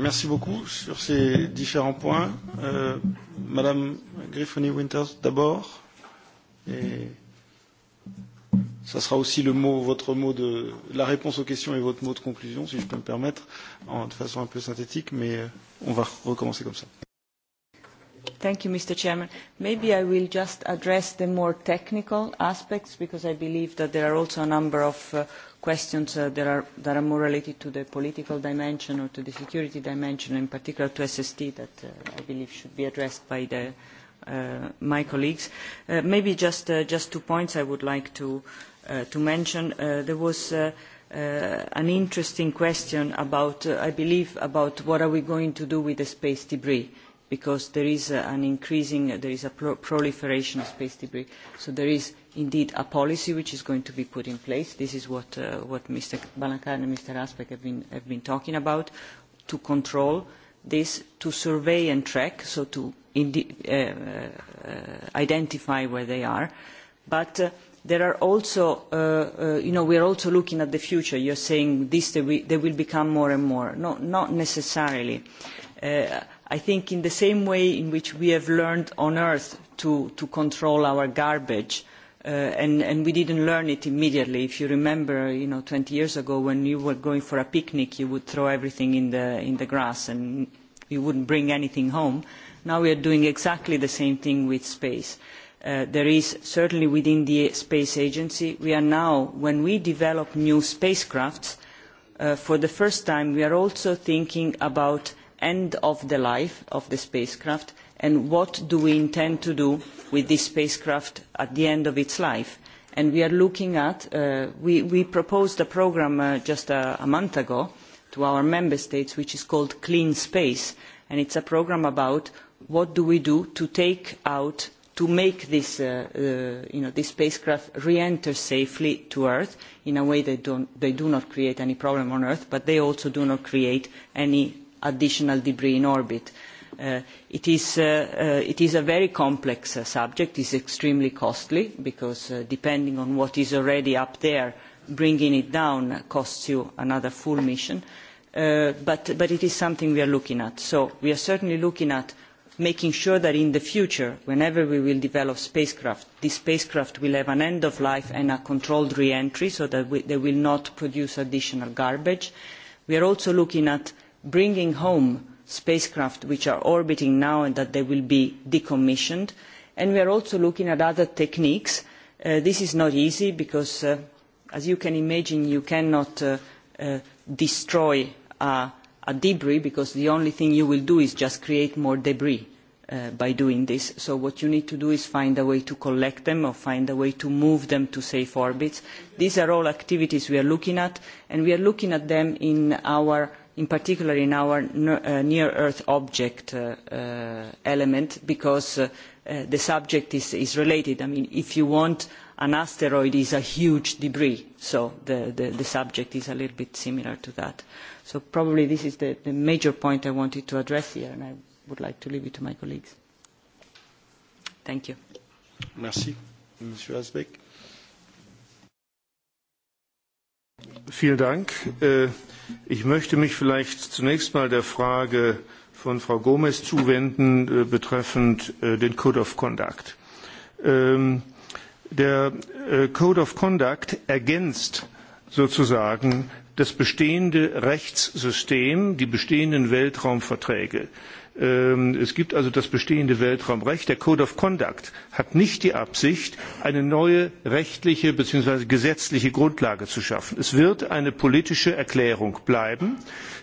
Merci beaucoup sur ces différents points. Euh, Madame Griffony Winters d'abord, et ça sera aussi le mot, votre mot de la réponse aux questions et votre mot de conclusion, si je peux me permettre, en, de façon un peu synthétique, mais euh, on va recommencer comme ça. Thank you, Mr. Chairman. Maybe I will just address the more technical aspects because I believe that there are also a number of uh, questions uh, that, are, that are more related to the political dimension or to the security dimension, in particular to SST, that uh, I believe should be addressed by the, uh, my colleagues. Uh, maybe just, uh, just two points I would like to, uh, to mention. Uh, there was uh, uh, an interesting question about, uh, I believe, about what are we going to do with the space debris. Uh, because there is an increasing, there is a pro proliferation of space debris. So there is indeed a policy which is going to be put in place. This is what, uh, what Mr. Balancarne and Mr. Aspect have been, have been talking about, to control this, to survey and track, so to indi uh, uh, identify where they are. But uh, there are also, uh, uh, you know, we are also looking at the future. You're saying this, they will, they will become more and more. No, not necessarily. Uh, I think in the same way in which we have learned on Earth to, to control our garbage, uh, and, and we didn't learn it immediately. If you remember, you know, 20 years ago when you were going for a picnic, you would throw everything in the, in the grass and you wouldn't bring anything home. Now we are doing exactly the same thing with space. Uh, there is certainly within the space agency, we are now, when we develop new spacecrafts, uh, for the first time we are also thinking about end of the life of the spacecraft and what do we intend to do with this spacecraft at the end of its life. And we are looking at, uh, we, we proposed a program uh, just a, a month ago to our member states which is called Clean Space and it's a program about what do we do to take out to make this, uh, uh, you know, this spacecraft re-enter safely to Earth in a way that don't, they do not create any problem on Earth, but they also do not create any additional debris in orbit. Uh, it, is, uh, uh, it is a very complex uh, subject. It's extremely costly because uh, depending on what is already up there, bringing it down costs you another full mission. Uh, but, but it is something we are looking at. So we are certainly looking at making sure that in the future, whenever we will develop spacecraft, these spacecraft will have an end of life and a controlled re-entry so that we, they will not produce additional garbage. We are also looking at uh, bringing home spacecraft which are orbiting now and that they will be decommissioned. And we are also looking at other techniques. Uh, this is not easy because, uh, as you can imagine, you cannot uh, uh, destroy a, a debris because the only thing you will do is just create more debris. Uh, by doing this. So what you need to do is find a way to collect them or find a way to move them to safe orbits. These are all activities we are looking at, and we are looking at them in our in particular in our uh, near-Earth object uh, uh, element, because uh, uh, the subject is, is related. I mean, if you want, an asteroid is a huge debris, so the, the, the subject is a little bit similar to that. So probably this is the, the major point I wanted to address here, and I would like to leave it to my colleagues. Thank you. Merci. Monsieur Asbeck. Vielen Dank. Äh, ich möchte mich vielleicht zunächst mal der Frage von Frau Gomez zuwenden äh, betreffend äh, den Code of Conduct. Ähm, der Code of Conduct ergänzt sozusagen das bestehende Rechtssystem, die bestehenden Weltraumverträge. Ähm, es gibt also das bestehende Weltraumrecht. Der Code of Conduct hat nicht die Absicht, eine neue rechtliche bzw. gesetzliche Grundlage zu schaffen. Es wird eine politische Erklärung bleiben.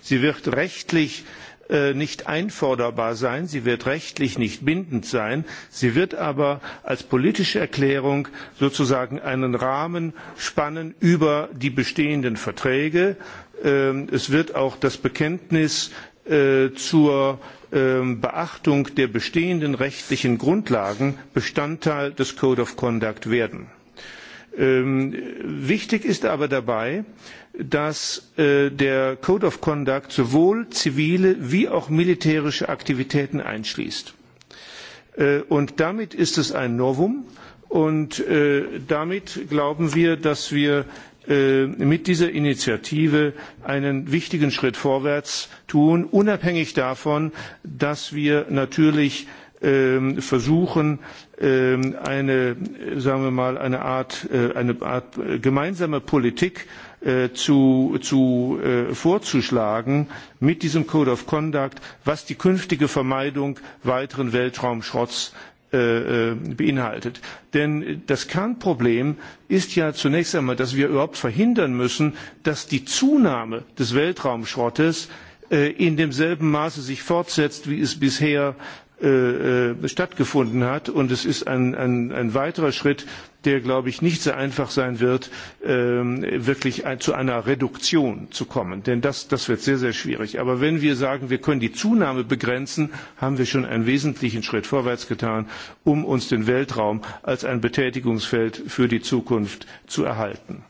Sie wird rechtlich äh, nicht einforderbar sein, sie wird rechtlich nicht bindend sein, sie wird aber als politische Erklärung sozusagen einen Rahmen spannen über die bestehenden Verträge. Ähm, es wird auch das Bekenntnis äh, zur Ähm, Beachtung der bestehenden rechtlichen Grundlagen Bestandteil des Code of Conduct werden. Ähm, wichtig ist aber dabei, dass äh, der Code of Conduct sowohl zivile wie auch militärische Aktivitäten einschließt. Äh, und damit ist es ein Novum. Und äh, damit glauben wir, dass wir Äh, mit dieser Initiative einen wichtigen Schritt vorwärts tun, unabhängig davon, dass wir natürlich ähm, versuchen, ähm, eine, sagen wir mal, eine Art, äh, eine Art gemeinsame Politik äh, zu, zu, äh, vorzuschlagen mit diesem Code of Conduct, was die künftige Vermeidung weiteren Weltraumschrotts Äh, äh, beinhaltet. Denn das Kernproblem ist ja zunächst einmal, dass wir überhaupt verhindern müssen, dass die Zunahme des Weltraumschrottes äh, in demselben Maße sich fortsetzt, wie es bisher Äh, äh, stattgefunden hat. Und es ist ein, ein, ein weiterer Schritt, der, glaube ich, nicht so einfach sein wird, ähm, wirklich ein, zu einer Reduktion zu kommen. Denn das, das wird sehr, sehr schwierig. Aber wenn wir sagen, wir können die Zunahme begrenzen, haben wir schon einen wesentlichen Schritt vorwärts getan, um uns den Weltraum als ein Betätigungsfeld für die Zukunft zu erhalten.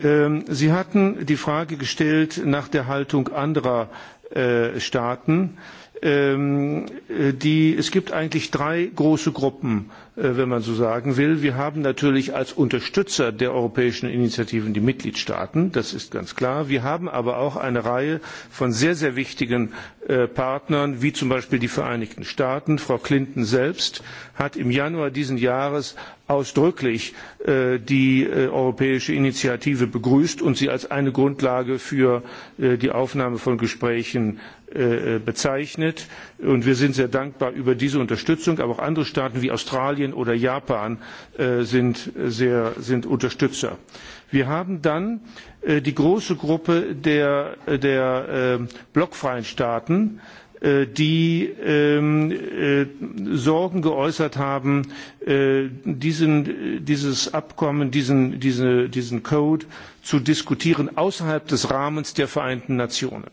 Ähm, Sie hatten die Frage gestellt nach der Haltung anderer äh, Staaten. Äh, Ähm, äh, die, es gibt eigentlich drei große Gruppen, äh, wenn man so sagen will. Wir haben natürlich als Unterstützer der europäischen Initiativen die Mitgliedstaaten, das ist ganz klar. Wir haben aber auch eine Reihe von sehr, sehr wichtigen äh, Partnern, wie zum Beispiel die Vereinigten Staaten. Frau Clinton selbst hat im Januar diesen Jahres ausdrücklich äh, die äh, europäische Initiative begrüßt und sie als eine Grundlage für äh, die Aufnahme von Gesprächen Äh, äh, bezeichnet. Und wir sind sehr dankbar über diese Unterstützung. Aber auch andere Staaten wie Australien oder Japan äh, sind, sehr, sind Unterstützer. Wir haben dann die große Gruppe der, der ähm, blockfreien Staaten, die ähm, äh, Sorgen geäußert haben, äh, diesen, dieses Abkommen, diesen, diese, diesen Code zu diskutieren außerhalb des Rahmens der Vereinten Nationen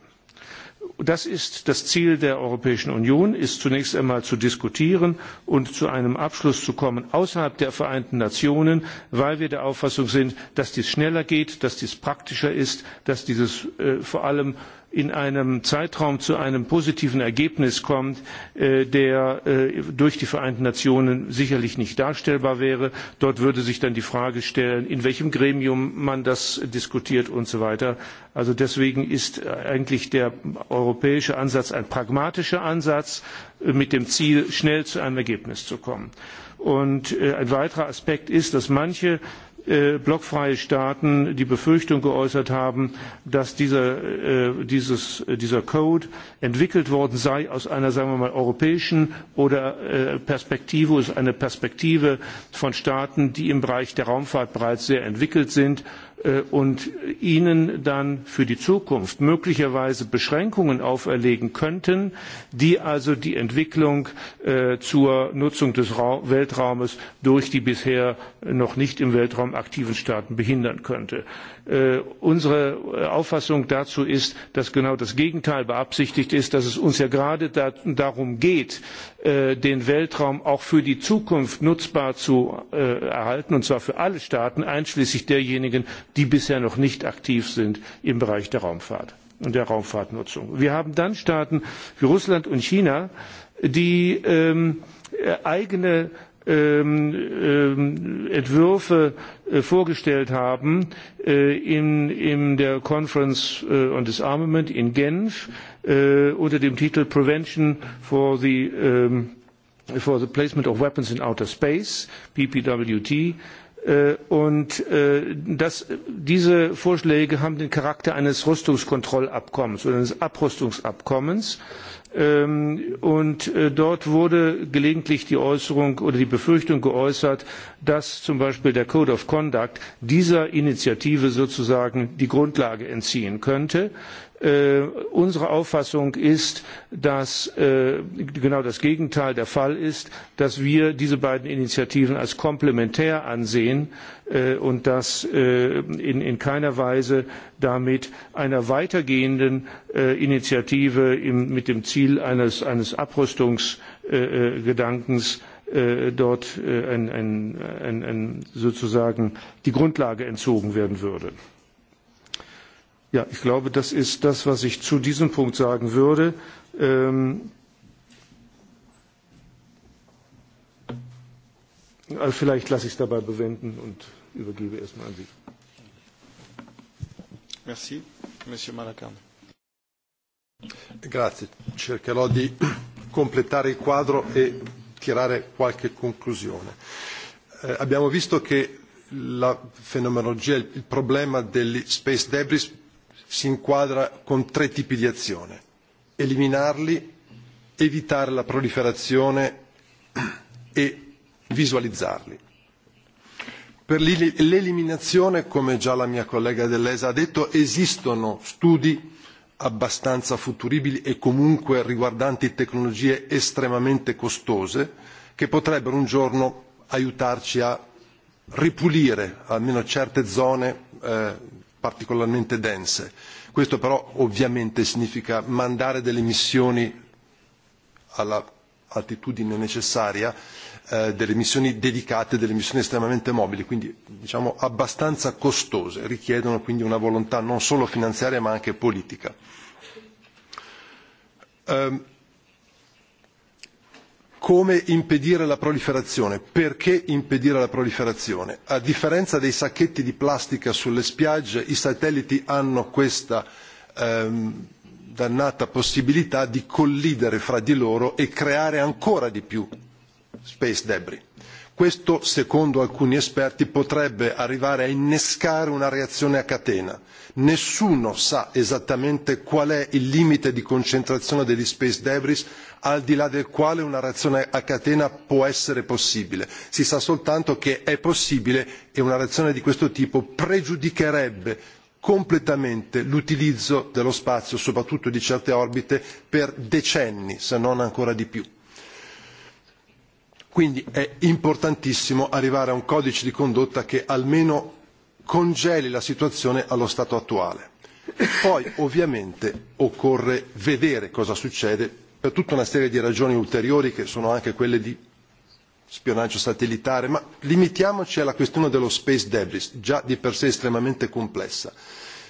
das ist das Ziel der Europäischen Union, ist zunächst einmal zu diskutieren und zu einem Abschluss zu kommen außerhalb der Vereinten Nationen, weil wir der Auffassung sind, dass dies schneller geht, dass dies praktischer ist, dass dieses äh, vor allem in einem Zeitraum zu einem positiven Ergebnis kommt, äh, der äh, durch die Vereinten Nationen sicherlich nicht darstellbar wäre. Dort würde sich dann die Frage stellen, in welchem Gremium man das diskutiert und so weiter. Also deswegen ist eigentlich der europäische Ansatz ein pragmatischer Ansatz äh, mit dem Ziel, schnell zu einem Ergebnis zu kommen. Und äh, ein weiterer Aspekt ist, dass manche äh, blockfreie Staaten die Befürchtung geäußert haben, dass dieser, äh, dieses, äh, dieser Code entwickelt worden sei aus einer, sagen wir mal, europäischen oder äh, Perspektive, ist eine Perspektive von Staaten, die im Bereich der Raumfahrt bereits sehr entwickelt sind Äh, und ihnen dann für die Zukunft möglicherweise Beschränkungen auferlegen könnten, die also die Entwicklung äh, zur Nutzung des Weltraumes durch die bisher noch nicht im Weltraum aktiven Staaten behindern könnte. Äh, unsere Auffassung dazu ist, dass genau das Gegenteil beabsichtigt ist, dass es uns ja gerade darum geht, Äh, den Weltraum auch für die Zukunft nutzbar zu äh, erhalten, und zwar für alle Staaten, einschließlich derjenigen, die bisher noch nicht aktiv sind im Bereich der Raumfahrt und der Raumfahrtnutzung. Wir haben dann Staaten wie Russland und China, die ähm, eigene ähm, ähm Entwürfe äh, vorgestellt haben äh, in, in der Conference äh, on Disarmament in Genf, äh, äh, unter dem Titel Prevention for the, ähm, for the Placement of Weapons in Outer Space, PPWT. Äh, uh, und äh, das, diese Vorschläge haben den Charakter eines Rüstungskontrollabkommens oder eines Abrüstungsabkommens. Ähm, und äh, dort wurde gelegentlich die Äußerung oder die Befürchtung geäußert, dass zum Beispiel der Code of Conduct dieser Initiative sozusagen die Grundlage entziehen könnte Äh, unsere Auffassung ist, dass äh, genau das Gegenteil der Fall ist, dass wir diese beiden Initiativen als komplementär ansehen äh, und dass äh, in, in keiner Weise damit einer weitergehenden äh, Initiative im, mit dem Ziel eines, eines Abrüstungsgedankens äh, äh, äh, dort äh, ein, ein, ein, ein sozusagen die Grundlage entzogen werden würde. Ja, ich glaube, das ist das, was ich zu diesem Punkt sagen würde. Ähm, also äh, vielleicht lasse ich es dabei bewenden und übergebe erstmal an Sie. Merci, Monsieur Malacan. Grazie. Cercherò di completare il quadro e tirare qualche conclusione. Eh, abbiamo visto che la fenomenologia, il problema degli space debris si inquadra con tre tipi di azione eliminarli, evitare la proliferazione e visualizzarli. Per l'eliminazione, come già la mia collega Dell'Esa ha detto, esistono studi abbastanza futuribili e comunque riguardanti tecnologie estremamente costose che potrebbero un giorno aiutarci a ripulire almeno certe zone eh, particolarmente dense. Questo però ovviamente significa mandare delle missioni all'altitudine necessaria, eh, delle missioni dedicate, delle missioni estremamente mobili, quindi diciamo abbastanza costose, richiedono quindi una volontà non solo finanziaria ma anche politica. Eh, come impedire la proliferazione perché impedire la proliferazione? a differenza dei sacchetti di plastica sulle spiagge i satelliti hanno questa ehm, dannata possibilità di collidere fra di loro e creare ancora di più space debris Questo, secondo alcuni esperti, potrebbe arrivare a innescare una reazione a catena. Nessuno sa esattamente qual è il limite di concentrazione degli space debris al di là del quale una reazione a catena può essere possibile. Si sa soltanto che è possibile e una reazione di questo tipo pregiudicherebbe completamente l'utilizzo dello spazio soprattutto di certe orbite per decenni se non ancora di più. Quindi è importantissimo arrivare a un codice di condotta che almeno congeli la situazione allo stato attuale. Poi ovviamente occorre vedere cosa succede per tutta una serie di ragioni ulteriori che sono anche quelle di spionaggio satellitare, ma limitiamoci alla questione dello space debris, già di per sé estremamente complessa.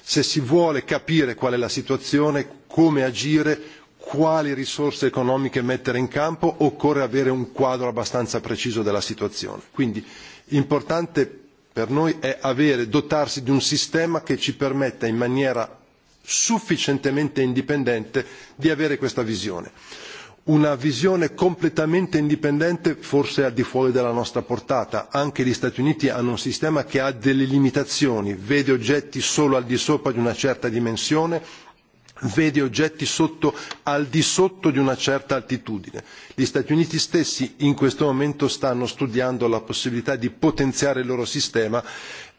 Se si vuole capire qual è la situazione, come agire, quali risorse economiche mettere in campo occorre avere un quadro abbastanza preciso della situazione. Quindi importante per noi è avere, dotarsi di un sistema che ci permetta in maniera sufficientemente indipendente di avere questa visione. Una visione completamente indipendente forse al di fuori della nostra portata. Anche gli Stati Uniti hanno un sistema che ha delle limitazioni, vede oggetti solo al di sopra di una certa dimensione, vede oggetti sotto, al di sotto di una certa altitudine. Gli Stati Uniti stessi in questo momento stanno studiando la possibilità di potenziare il loro sistema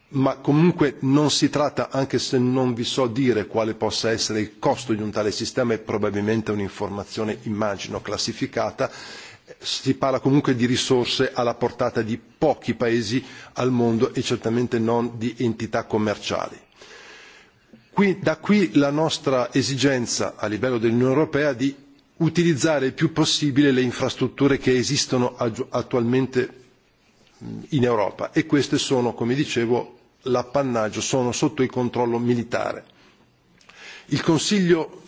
ma comunque non si tratta, anche se non vi so dire quale possa essere il costo di un tale sistema, è probabilmente un'informazione, immagino, classificata, si parla comunque di risorse alla portata di pochi paesi al mondo e certamente non di entità commerciali. Qui, da qui la nostra esigenza a livello dell'Unione Europea di utilizzare il più possibile le infrastrutture che esistono attualmente in Europa e queste sono, come dicevo, l'appannaggio, sono sotto il controllo militare. Il Consiglio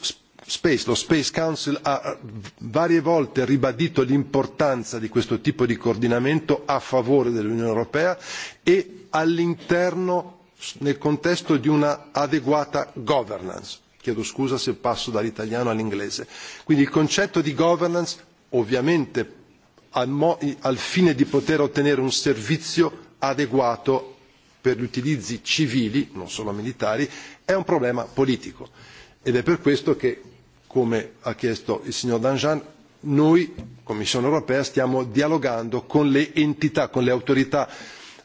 Space, lo Space Council, ha varie volte ribadito l'importanza di questo tipo di coordinamento a favore dell'Unione Europea e all'interno nel contesto di una adeguata governance. Chiedo scusa se passo dall'italiano all'inglese. Quindi il concetto di governance, ovviamente al, mo- al fine di poter ottenere un servizio adeguato per gli utilizzi civili, non solo militari, è un problema politico. Ed è per questo che, come ha chiesto il signor Danjan, noi, Commissione europea, stiamo dialogando con le entità, con le autorità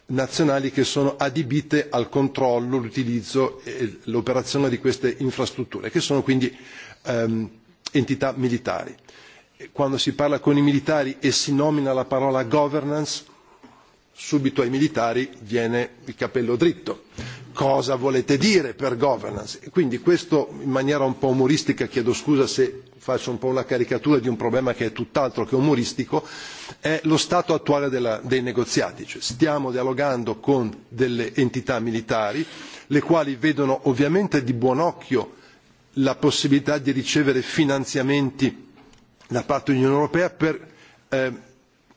nazionali che sono adibite al controllo, l'utilizzo e l'operazione di queste infrastrutture, che sono quindi ehm, entità militari. E quando si parla con i militari e si nomina la parola governance, subito ai militari viene il capello dritto cosa volete dire per governance. E quindi questo in maniera un po' umoristica, chiedo scusa se faccio un po' una caricatura di un problema che è tutt'altro che umoristico, è lo stato attuale della, dei negoziati. Cioè, stiamo dialogando con delle entità militari, le quali vedono ovviamente di buon occhio la possibilità di ricevere finanziamenti da parte dell'Unione Europea per eh,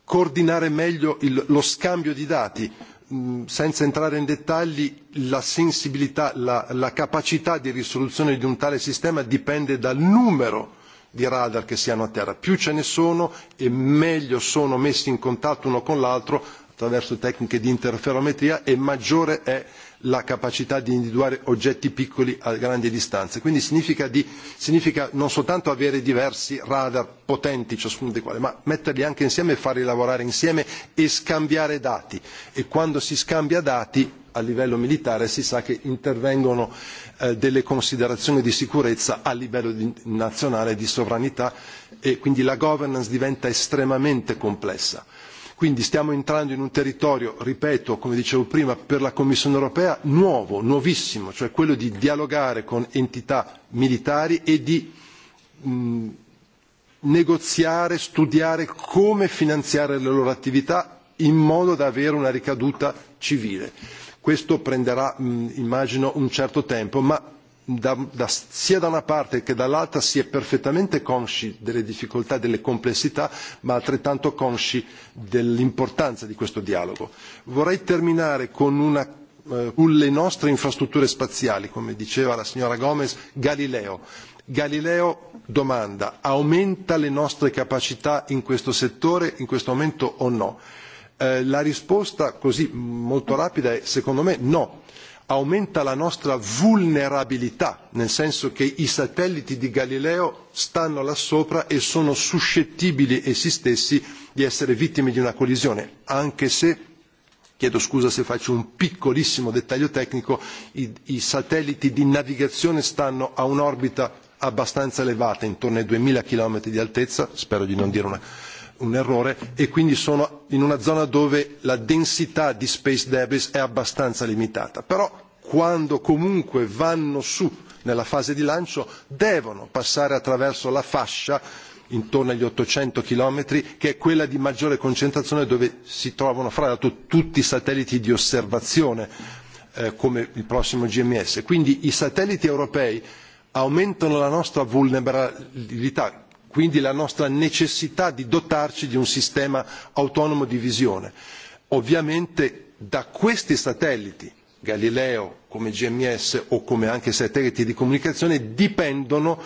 coordinare meglio il, lo scambio di dati mh, mm, senza entrare in dettagli, la sensibilità, la, la capacità di risoluzione di un tale sistema dipende dal numero di radar che si hanno a terra. Più ce ne sono e meglio sono messi in contatto uno con l'altro attraverso tecniche di interferometria e maggiore è la capacità di individuare oggetti piccoli a grandi distanze. Quindi significa, di, significa non soltanto avere diversi radar potenti, ciascuno dei quali, ma metterli anche insieme e farli lavorare insieme e scambiare dati. E quando si scambia dati a livello militare si sa che intervengono eh, delle considerazioni di sicurezza a livello di, nazionale di sovranità e quindi la governance diventa estremamente complessa Quindi stiamo entrando in un territorio, ripeto, come dicevo prima, per la Commissione europea nuovo, nuovissimo, cioè quello di dialogare con entità militari e di mh, negoziare, studiare come finanziare le loro attività in modo da avere una ricaduta civile. Questo prenderà, mh, immagino, un certo tempo, ma da, da, sia da una parte che dall'altra si è perfettamente consci delle difficoltà, delle complessità, ma altrettanto consci dell'importanza di questo dialogo. Vorrei terminare con una sulle eh, nostre infrastrutture spaziali, come diceva la signora Gomez, Galileo. Galileo domanda aumenta le nostre capacità in questo settore in questo momento o no? Eh, la risposta così molto rapida è secondo me no aumenta la nostra vulnerabilità, nel senso che i satelliti di Galileo stanno là sopra e sono suscettibili essi stessi di essere vittime di una collisione, anche se chiedo scusa se faccio un piccolissimo dettaglio tecnico i, i satelliti di navigazione stanno a un'orbita abbastanza elevata, intorno ai 2000 km di altezza, spero di non dire una un errore e quindi sono in una zona dove la densità di space debris è abbastanza limitata. Però quando comunque vanno su nella fase di lancio devono passare attraverso la fascia intorno agli 800 km che è quella di maggiore concentrazione dove si trovano fra l'altro tutti i satelliti di osservazione eh, come il prossimo GMS. Quindi i satelliti europei aumentano la nostra vulnerabilità quindi la nostra necessità di dotarci di un sistema autonomo di visione. Ovviamente da questi satelliti, Galileo come GMS o come anche satelliti di comunicazione, dipendono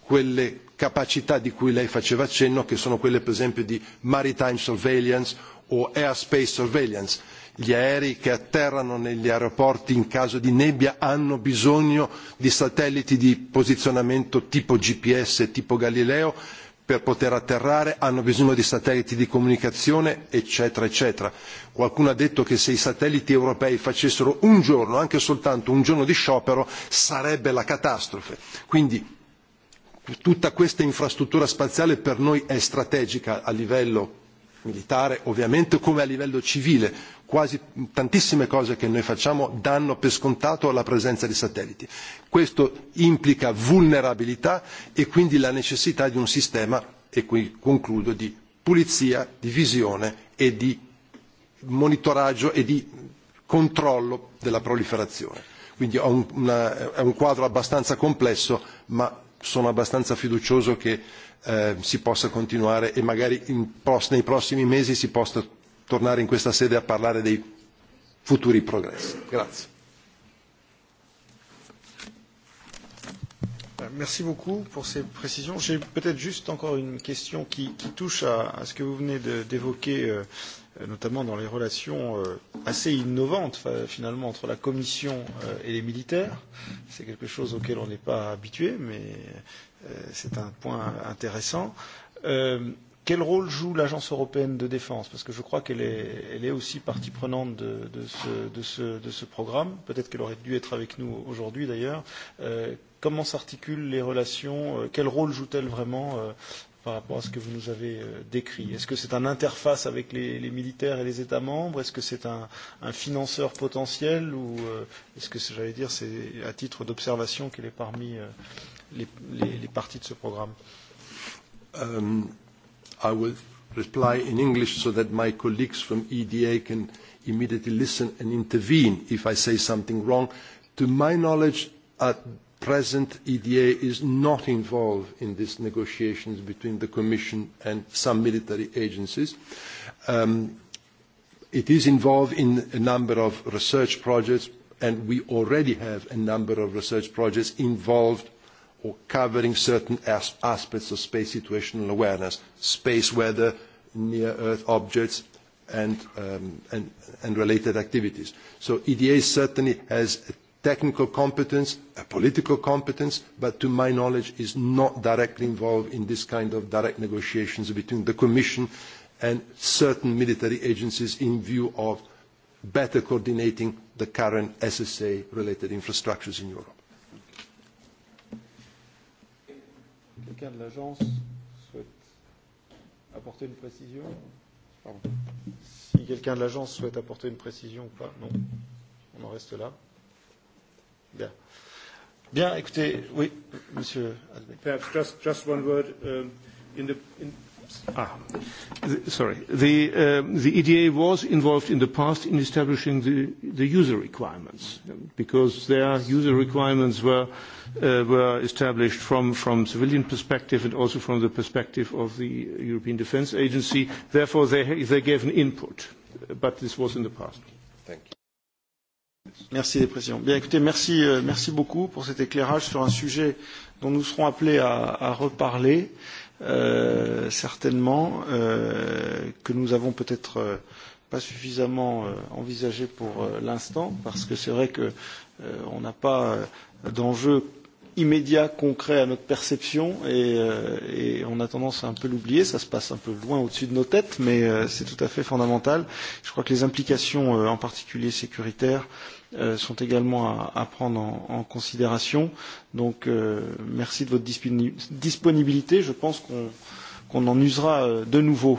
quelle capacità di cui lei faceva accenno, che sono quelle per esempio di maritime surveillance o airspace surveillance gli aerei che atterrano negli aeroporti in caso di nebbia hanno bisogno di satelliti di posizionamento tipo GPS, tipo Galileo per poter atterrare, hanno bisogno di satelliti di comunicazione, eccetera, eccetera. Qualcuno ha detto che se i satelliti europei facessero un giorno, anche soltanto un giorno di sciopero, sarebbe la catastrofe. Quindi tutta questa infrastruttura spaziale per noi è strategica a livello militare ovviamente come a livello civile quasi tantissime cose che noi facciamo danno per scontato la presenza di satelliti. Questo implica vulnerabilità e quindi la necessità di un sistema, e qui concludo, di pulizia, di visione e di monitoraggio e di controllo della proliferazione. Quindi ho un, una, è un quadro abbastanza complesso, ma sono abbastanza fiducioso che eh, si possa continuare e magari in, nei prossimi mesi si possa tornare in questa sede a parlare dei futuri progressi. Grazie. Euh, merci beaucoup pour ces précisions. J'ai peut-être juste encore une question qui, qui touche à, à ce que vous venez d'évoquer, euh, euh, notamment dans les relations euh, assez innovantes finalement entre la Commission euh, et les militaires. C'est quelque chose auquel on n'est pas habitué, mais euh, c'est un point intéressant. Euh, Quel rôle joue l'Agence européenne de défense Parce que je crois qu'elle est, elle est aussi partie prenante de, de, ce, de, ce, de ce programme. Peut-être qu'elle aurait dû être avec nous aujourd'hui d'ailleurs. Euh, comment s'articulent les relations euh, Quel rôle joue-t-elle vraiment euh, par rapport à ce que vous nous avez euh, décrit Est-ce que c'est un interface avec les, les militaires et les États membres Est-ce que c'est un, un financeur potentiel Ou euh, est-ce que, j'allais dire, c'est à titre d'observation qu'elle est parmi euh, les, les, les parties de ce programme euh... Um I will reply in English so that my colleagues from EDA can immediately listen and intervene if I say something wrong. To my knowledge, at present, EDA is not involved in these negotiations between the Commission and some military agencies. Um, it is involved in a number of research projects, and we already have a number of research projects involved or covering certain as aspects of space situational awareness, space weather, near-Earth objects, and, um, and, and related activities. So EDA certainly has a technical competence, a political competence, but to my knowledge is not directly involved in this kind of direct negotiations between the Commission and certain military agencies in view of better coordinating the current SSA-related infrastructures in Europe. Quelqu'un de l'agence souhaite apporter une précision Pardon. Si quelqu'un de l'agence souhaite apporter une précision ou pas, non. On en reste là. Bien. Bien, écoutez, oui, Monsieur Albeck. Perhaps just, just one word. Um, in the, in, Ah, the, sorry. The, um, the EDA was involved in the past in establishing the, the user requirements because their user requirements were, uh, were established from, from civilian perspective and also from the perspective of the European Defence Agency. Therefore, they, they gave an input, but this was in the past. Thank you. Merci, les présidents. Bien, écoutez, merci, euh, merci beaucoup pour cet éclairage sur un sujet dont nous serons appelés à, à reparler. Euh, euh, certainement euh, que nous avons peut-être euh, pas suffisamment euh, envisagé pour euh, l'instant, parce que c'est vrai que euh, on n'a pas euh, d'enjeu immédiat, concret à notre perception et, euh, et on a tendance à un peu l'oublier. Ça se passe un peu loin au-dessus de nos têtes, mais euh, c'est tout à fait fondamental. Je crois que les implications, euh, en particulier sécuritaires, euh, sont également à, à prendre en, en considération. Donc, euh, merci de votre disponibilité. Je pense qu'on euh, qu'on en usera euh, de nouveau.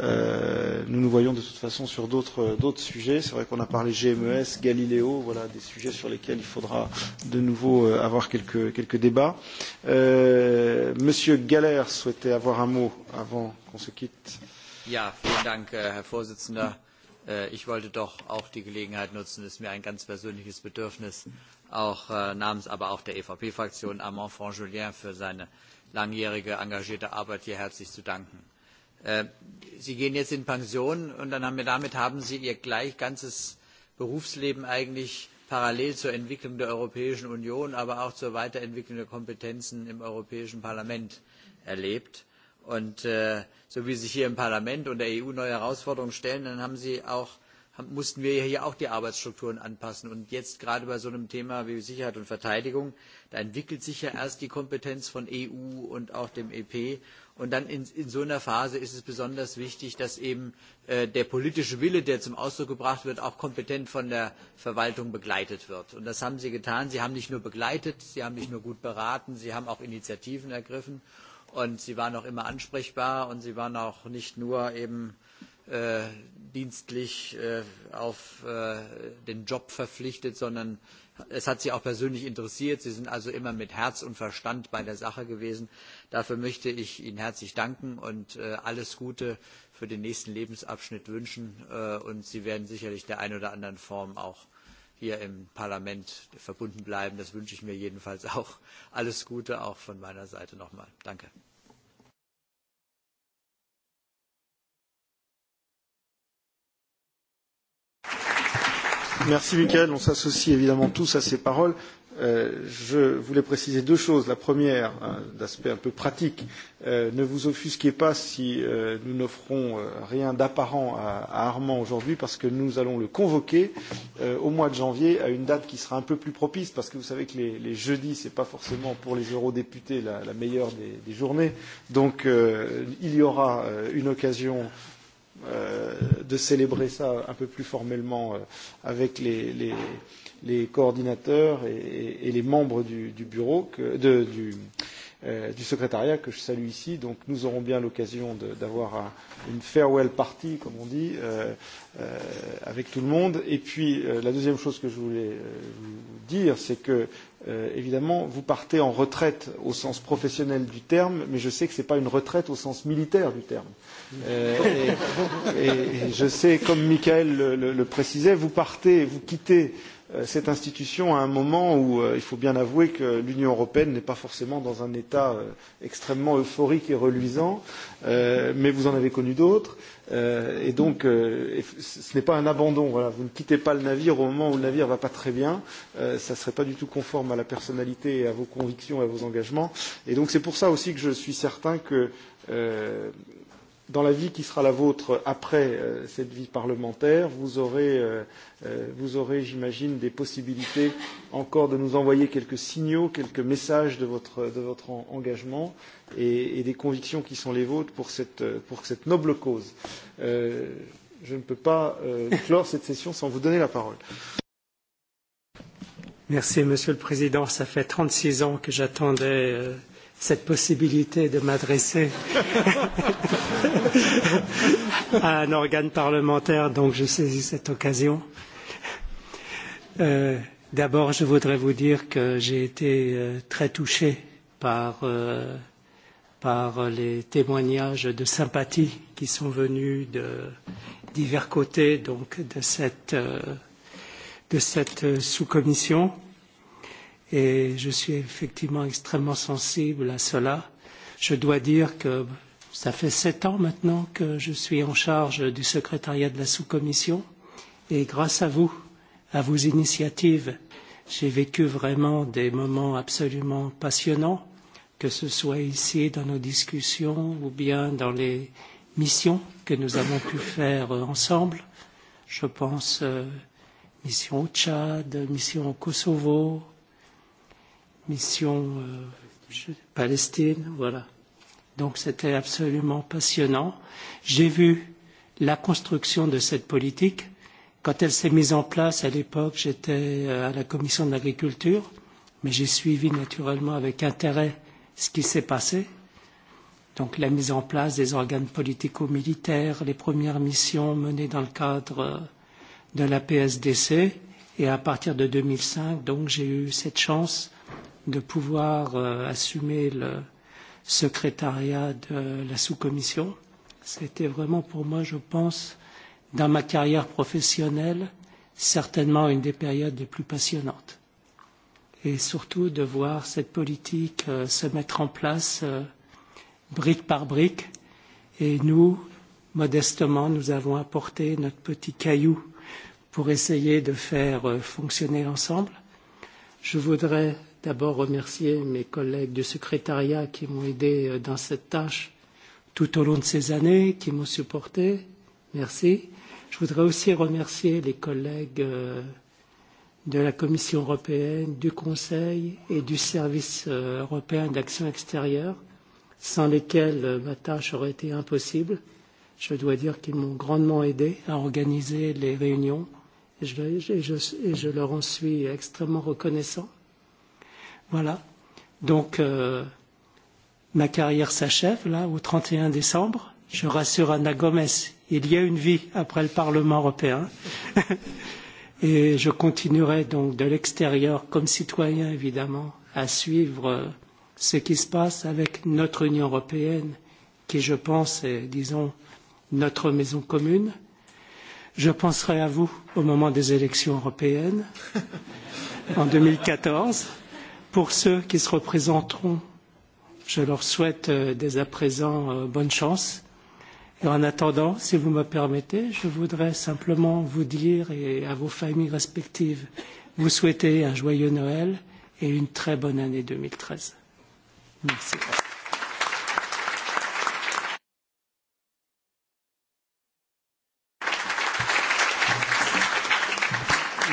Euh, nous nous voyons de toute façon sur d'autres euh, sujets. C'est vrai qu'on a parlé GMES, Galiléo, voilà des sujets sur lesquels il faudra de nouveau euh, avoir quelques, quelques débats. Euh, Monsieur Galère souhaitait avoir un mot avant qu'on se quitte. Ja, vielen Dank, äh, Herr Vorsitzender. Äh, ich wollte doch auch die Gelegenheit nutzen, es ist mir ein ganz persönliches Bedürfnis, auch äh, namens aber auch der EVP-Fraktion Armand Franjulien für seine äh, langjährige engagierte Arbeit hier herzlich zu danken. Äh, Sie gehen jetzt in Pension und dann haben wir, damit haben Sie Ihr gleich ganzes Berufsleben eigentlich parallel zur Entwicklung der Europäischen Union, aber auch zur Weiterentwicklung der Kompetenzen im Europäischen Parlament erlebt. Und äh, so wie Sie sich hier im Parlament und der EU neue Herausforderungen stellen, dann haben Sie auch haben, mussten wir hier auch die Arbeitsstrukturen anpassen. Und jetzt gerade bei so einem Thema wie Sicherheit und Verteidigung, da entwickelt sich ja erst die Kompetenz von EU und auch dem EP. Und dann in, in so einer Phase ist es besonders wichtig, dass eben äh, der politische Wille, der zum Ausdruck gebracht wird, auch kompetent von der Verwaltung begleitet wird. Und das haben Sie getan. Sie haben nicht nur begleitet, Sie haben nicht nur gut beraten, Sie haben auch Initiativen ergriffen. Und Sie waren auch immer ansprechbar und Sie waren auch nicht nur eben äh, äh, dienstlich äh, auf äh, den Job verpflichtet, sondern es hat sie auch persönlich interessiert. Sie sind also immer mit Herz und Verstand bei der Sache gewesen. Dafür möchte ich Ihnen herzlich danken und äh, alles Gute für den nächsten Lebensabschnitt wünschen. Äh, und Sie werden sicherlich der einen oder anderen Form auch hier im Parlament verbunden bleiben. Das wünsche ich mir jedenfalls auch. Alles Gute auch von meiner Seite nochmal. Danke. Merci Michael. On s'associe évidemment tous à ces paroles. Euh, je voulais préciser deux choses. La première, hein, d'aspect un peu pratique, euh, ne vous offusquez pas si euh, nous n'offrons euh, rien d'apparent à, à Armand aujourd'hui, parce que nous allons le convoquer euh, au mois de janvier à une date qui sera un peu plus propice, parce que vous savez que les, les jeudis, ce n'est pas forcément pour les eurodéputés la, la meilleure des, des journées. Donc euh, il y aura euh, une occasion euh, de célébrer ça un peu plus formellement euh, avec les, les, les coordinateurs et, et les membres du, du bureau que, de, du, euh, du secrétariat que je salue ici. Donc nous aurons bien l'occasion d'avoir un, une farewell party, comme on dit, euh, euh, avec tout le monde. Et puis euh, la deuxième chose que je voulais euh, vous dire, c'est que euh, évidemment vous partez en retraite au sens professionnel du terme, mais je sais que ce n'est pas une retraite au sens militaire du terme. Euh, Euh, et, et je sais, comme Michael le, le, le précisait, vous partez, vous quittez euh, cette institution à un moment où euh, il faut bien avouer que l'Union européenne n'est pas forcément dans un état euh, extrêmement euphorique et reluisant, euh, mais vous en avez connu d'autres. Euh, et donc, euh, ce n'est pas un abandon. Voilà. Vous ne quittez pas le navire au moment où le navire va pas très bien. Euh, ça ne serait pas du tout conforme à la personnalité, et à vos convictions et à vos engagements. Et donc, c'est pour ça aussi que je suis certain que euh, dans la vie qui sera la vôtre après euh, cette vie parlementaire, vous aurez, euh, euh, vous aurez j'imagine, des possibilités encore de nous envoyer quelques signaux, quelques messages de votre, de votre en, engagement et, et des convictions qui sont les vôtres pour cette, pour cette noble cause. Euh, je ne peux pas euh, clore cette session sans vous donner la parole. Merci, Monsieur le Président. Ça fait 36 ans que j'attendais. Euh cette possibilité de m'adresser à un organe parlementaire, donc je saisis cette occasion. Euh, D'abord, je voudrais vous dire que j'ai été euh, très touché par, euh, par les témoignages de sympathie qui sont venus de divers côtés donc, de cette, euh, de cette sous-commission. Euh, et je suis effectivement extrêmement sensible à cela. Je dois dire que ça fait sept ans maintenant que je suis en charge du secrétariat de la sous-commission et grâce à vous, à vos initiatives, j'ai vécu vraiment des moments absolument passionnants, que ce soit ici dans nos discussions ou bien dans les missions que nous avons pu faire ensemble. Je pense euh, mission au Tchad, mission au Kosovo, mission euh, Palestine, voilà. Donc c'était absolument passionnant. J'ai vu la construction de cette politique. Quand elle s'est mise en place à l'époque, j'étais euh, à la commission de l'agriculture, mais j'ai suivi naturellement avec intérêt ce qui s'est passé. Donc la mise en place des organes politico-militaires, les premières missions menées dans le cadre euh, de la PSDC. Et à partir de 2005, donc j'ai eu cette chance de pouvoir euh, assumer le secrétariat de la sous-commission. C'était vraiment pour moi, je pense, dans ma carrière professionnelle, certainement une des périodes les plus passionnantes. Et surtout de voir cette politique euh, se mettre en place euh, brique par brique. Et nous, modestement, nous avons apporté notre petit caillou pour essayer de faire euh, fonctionner l'ensemble. Je voudrais d'abord remercier mes collègues du secrétariat qui m'ont aidé euh, dans cette tâche tout au long de ces années, qui m'ont supporté. Merci. Je voudrais aussi remercier les collègues euh, de la Commission européenne, du Conseil et du Service euh, européen d'action extérieure, sans lesquels ma tâche aurait été impossible. Je dois dire qu'ils m'ont grandement aidé à organiser les réunions et je, et, je, et je leur en suis extrêmement reconnaissant. Voilà. Donc, euh, ma carrière s'achève, là, au 31 décembre. Je rassure Anna Gomes, il y a une vie après le Parlement européen. Et je continuerai donc de l'extérieur, comme citoyen évidemment, à suivre euh, ce qui se passe avec notre Union européenne, qui je pense est, disons, notre maison commune. Je penserai à vous au moment des élections européennes en 2014. Pour ceux qui se représenteront, je leur souhaite euh, dès à présent euh, bonne chance. Et en attendant, si vous me permettez, je voudrais simplement vous dire et à vos familles respectives, vous souhaiter un joyeux Noël et une très bonne année 2013. Merci.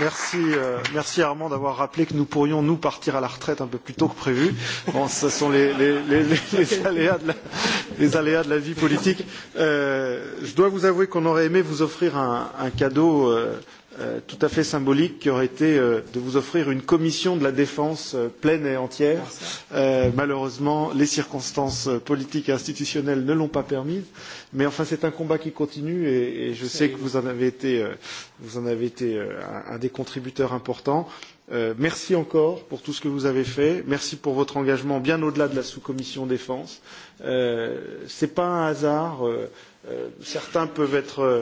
Merci, euh, merci Armand d'avoir rappelé que nous pourrions nous partir à la retraite un peu plus tôt que prévu. Bon, ce sont les, les, les, les, les, aléas, de la, les aléas de la vie politique. Euh, je dois vous avouer qu'on aurait aimé vous offrir un, un cadeau. Euh, euh, tout à fait symbolique qui aurait été euh, de vous offrir une commission de la défense euh, pleine et entière. Euh, malheureusement, les circonstances euh, politiques et institutionnelles ne l'ont pas permise. Mais enfin, c'est un combat qui continue et, et je sais que vous en avez été, euh, vous en avez été euh, un, un des contributeurs importants. Euh, merci encore pour tout ce que vous avez fait. Merci pour votre engagement bien au-delà de la sous-commission défense. Euh, Ce n'est pas un hasard. Euh, euh, certains peuvent être. Euh,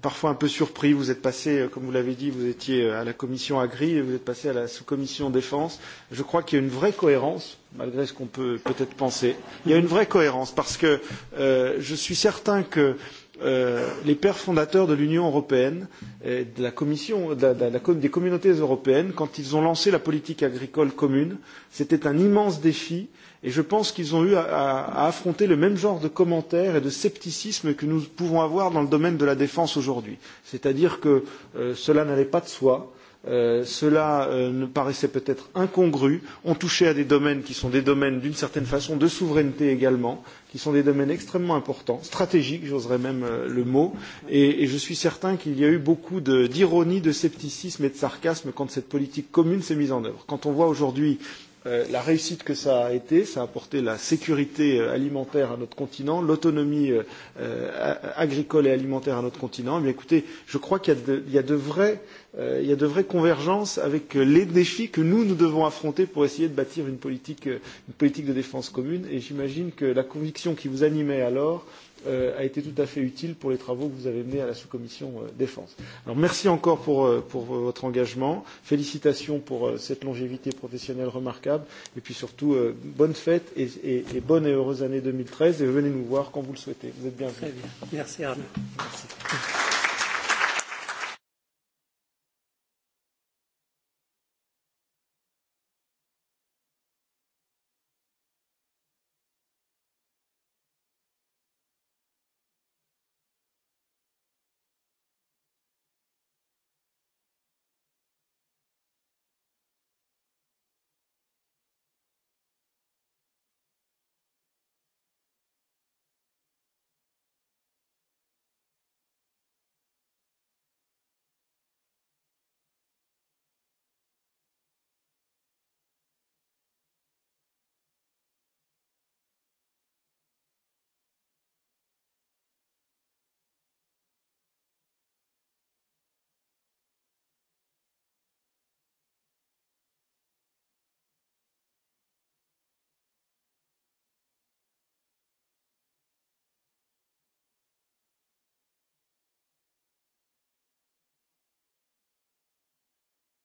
parfois un peu surpris. Vous êtes passé, euh, comme vous l'avez dit, vous étiez euh, à la commission agri et vous êtes passé à la sous-commission défense. Je crois qu'il y a une vraie cohérence, malgré ce qu'on peut peut-être penser. Il y a une vraie cohérence parce que euh, je suis certain que euh, les pères fondateurs de l'Union européenne, et de la Commission, de la, de la, des communautés européennes, quand ils ont lancé la politique agricole commune, c'était un immense défi. Et je pense qu'ils ont eu à, à, à affronter le même genre de commentaires et de scepticisme que nous pouvons avoir dans le domaine de la défense aujourd'hui. C'est-à-dire que euh, cela n'allait pas de soi, euh, cela euh, ne paraissait peut-être incongru, ont touché à des domaines qui sont des domaines d'une certaine façon de souveraineté également, qui sont des domaines extrêmement importants, stratégiques, j'oserais même euh, le mot, et, et je suis certain qu'il y a eu beaucoup d'ironie, de, de scepticisme et de sarcasme quand cette politique commune s'est mise en œuvre. Quand on voit aujourd'hui euh, la réussite que ça a été, ça a apporté la sécurité euh, alimentaire à notre continent, l'autonomie euh, euh agricole et alimentaire à notre continent. Mais eh écoutez, je crois qu'il y, a de, il y a de vrais euh, euh, il y a de vraies convergences avec euh, les défis que nous, nous devons affronter pour essayer de bâtir une politique, euh, une politique de défense commune. Et j'imagine que la conviction qui vous animait alors euh, a été tout à fait utile pour les travaux que vous avez menés à la sous-commission euh, défense. Alors merci encore pour, euh, pour votre engagement, félicitations pour euh, cette longévité professionnelle remarquable, et puis surtout euh, bonne fête et, et, et bonne et heureuse année 2013, et venez nous voir quand vous le souhaitez. Vous êtes bienvenue. Très bien, merci Arnaud. Merci.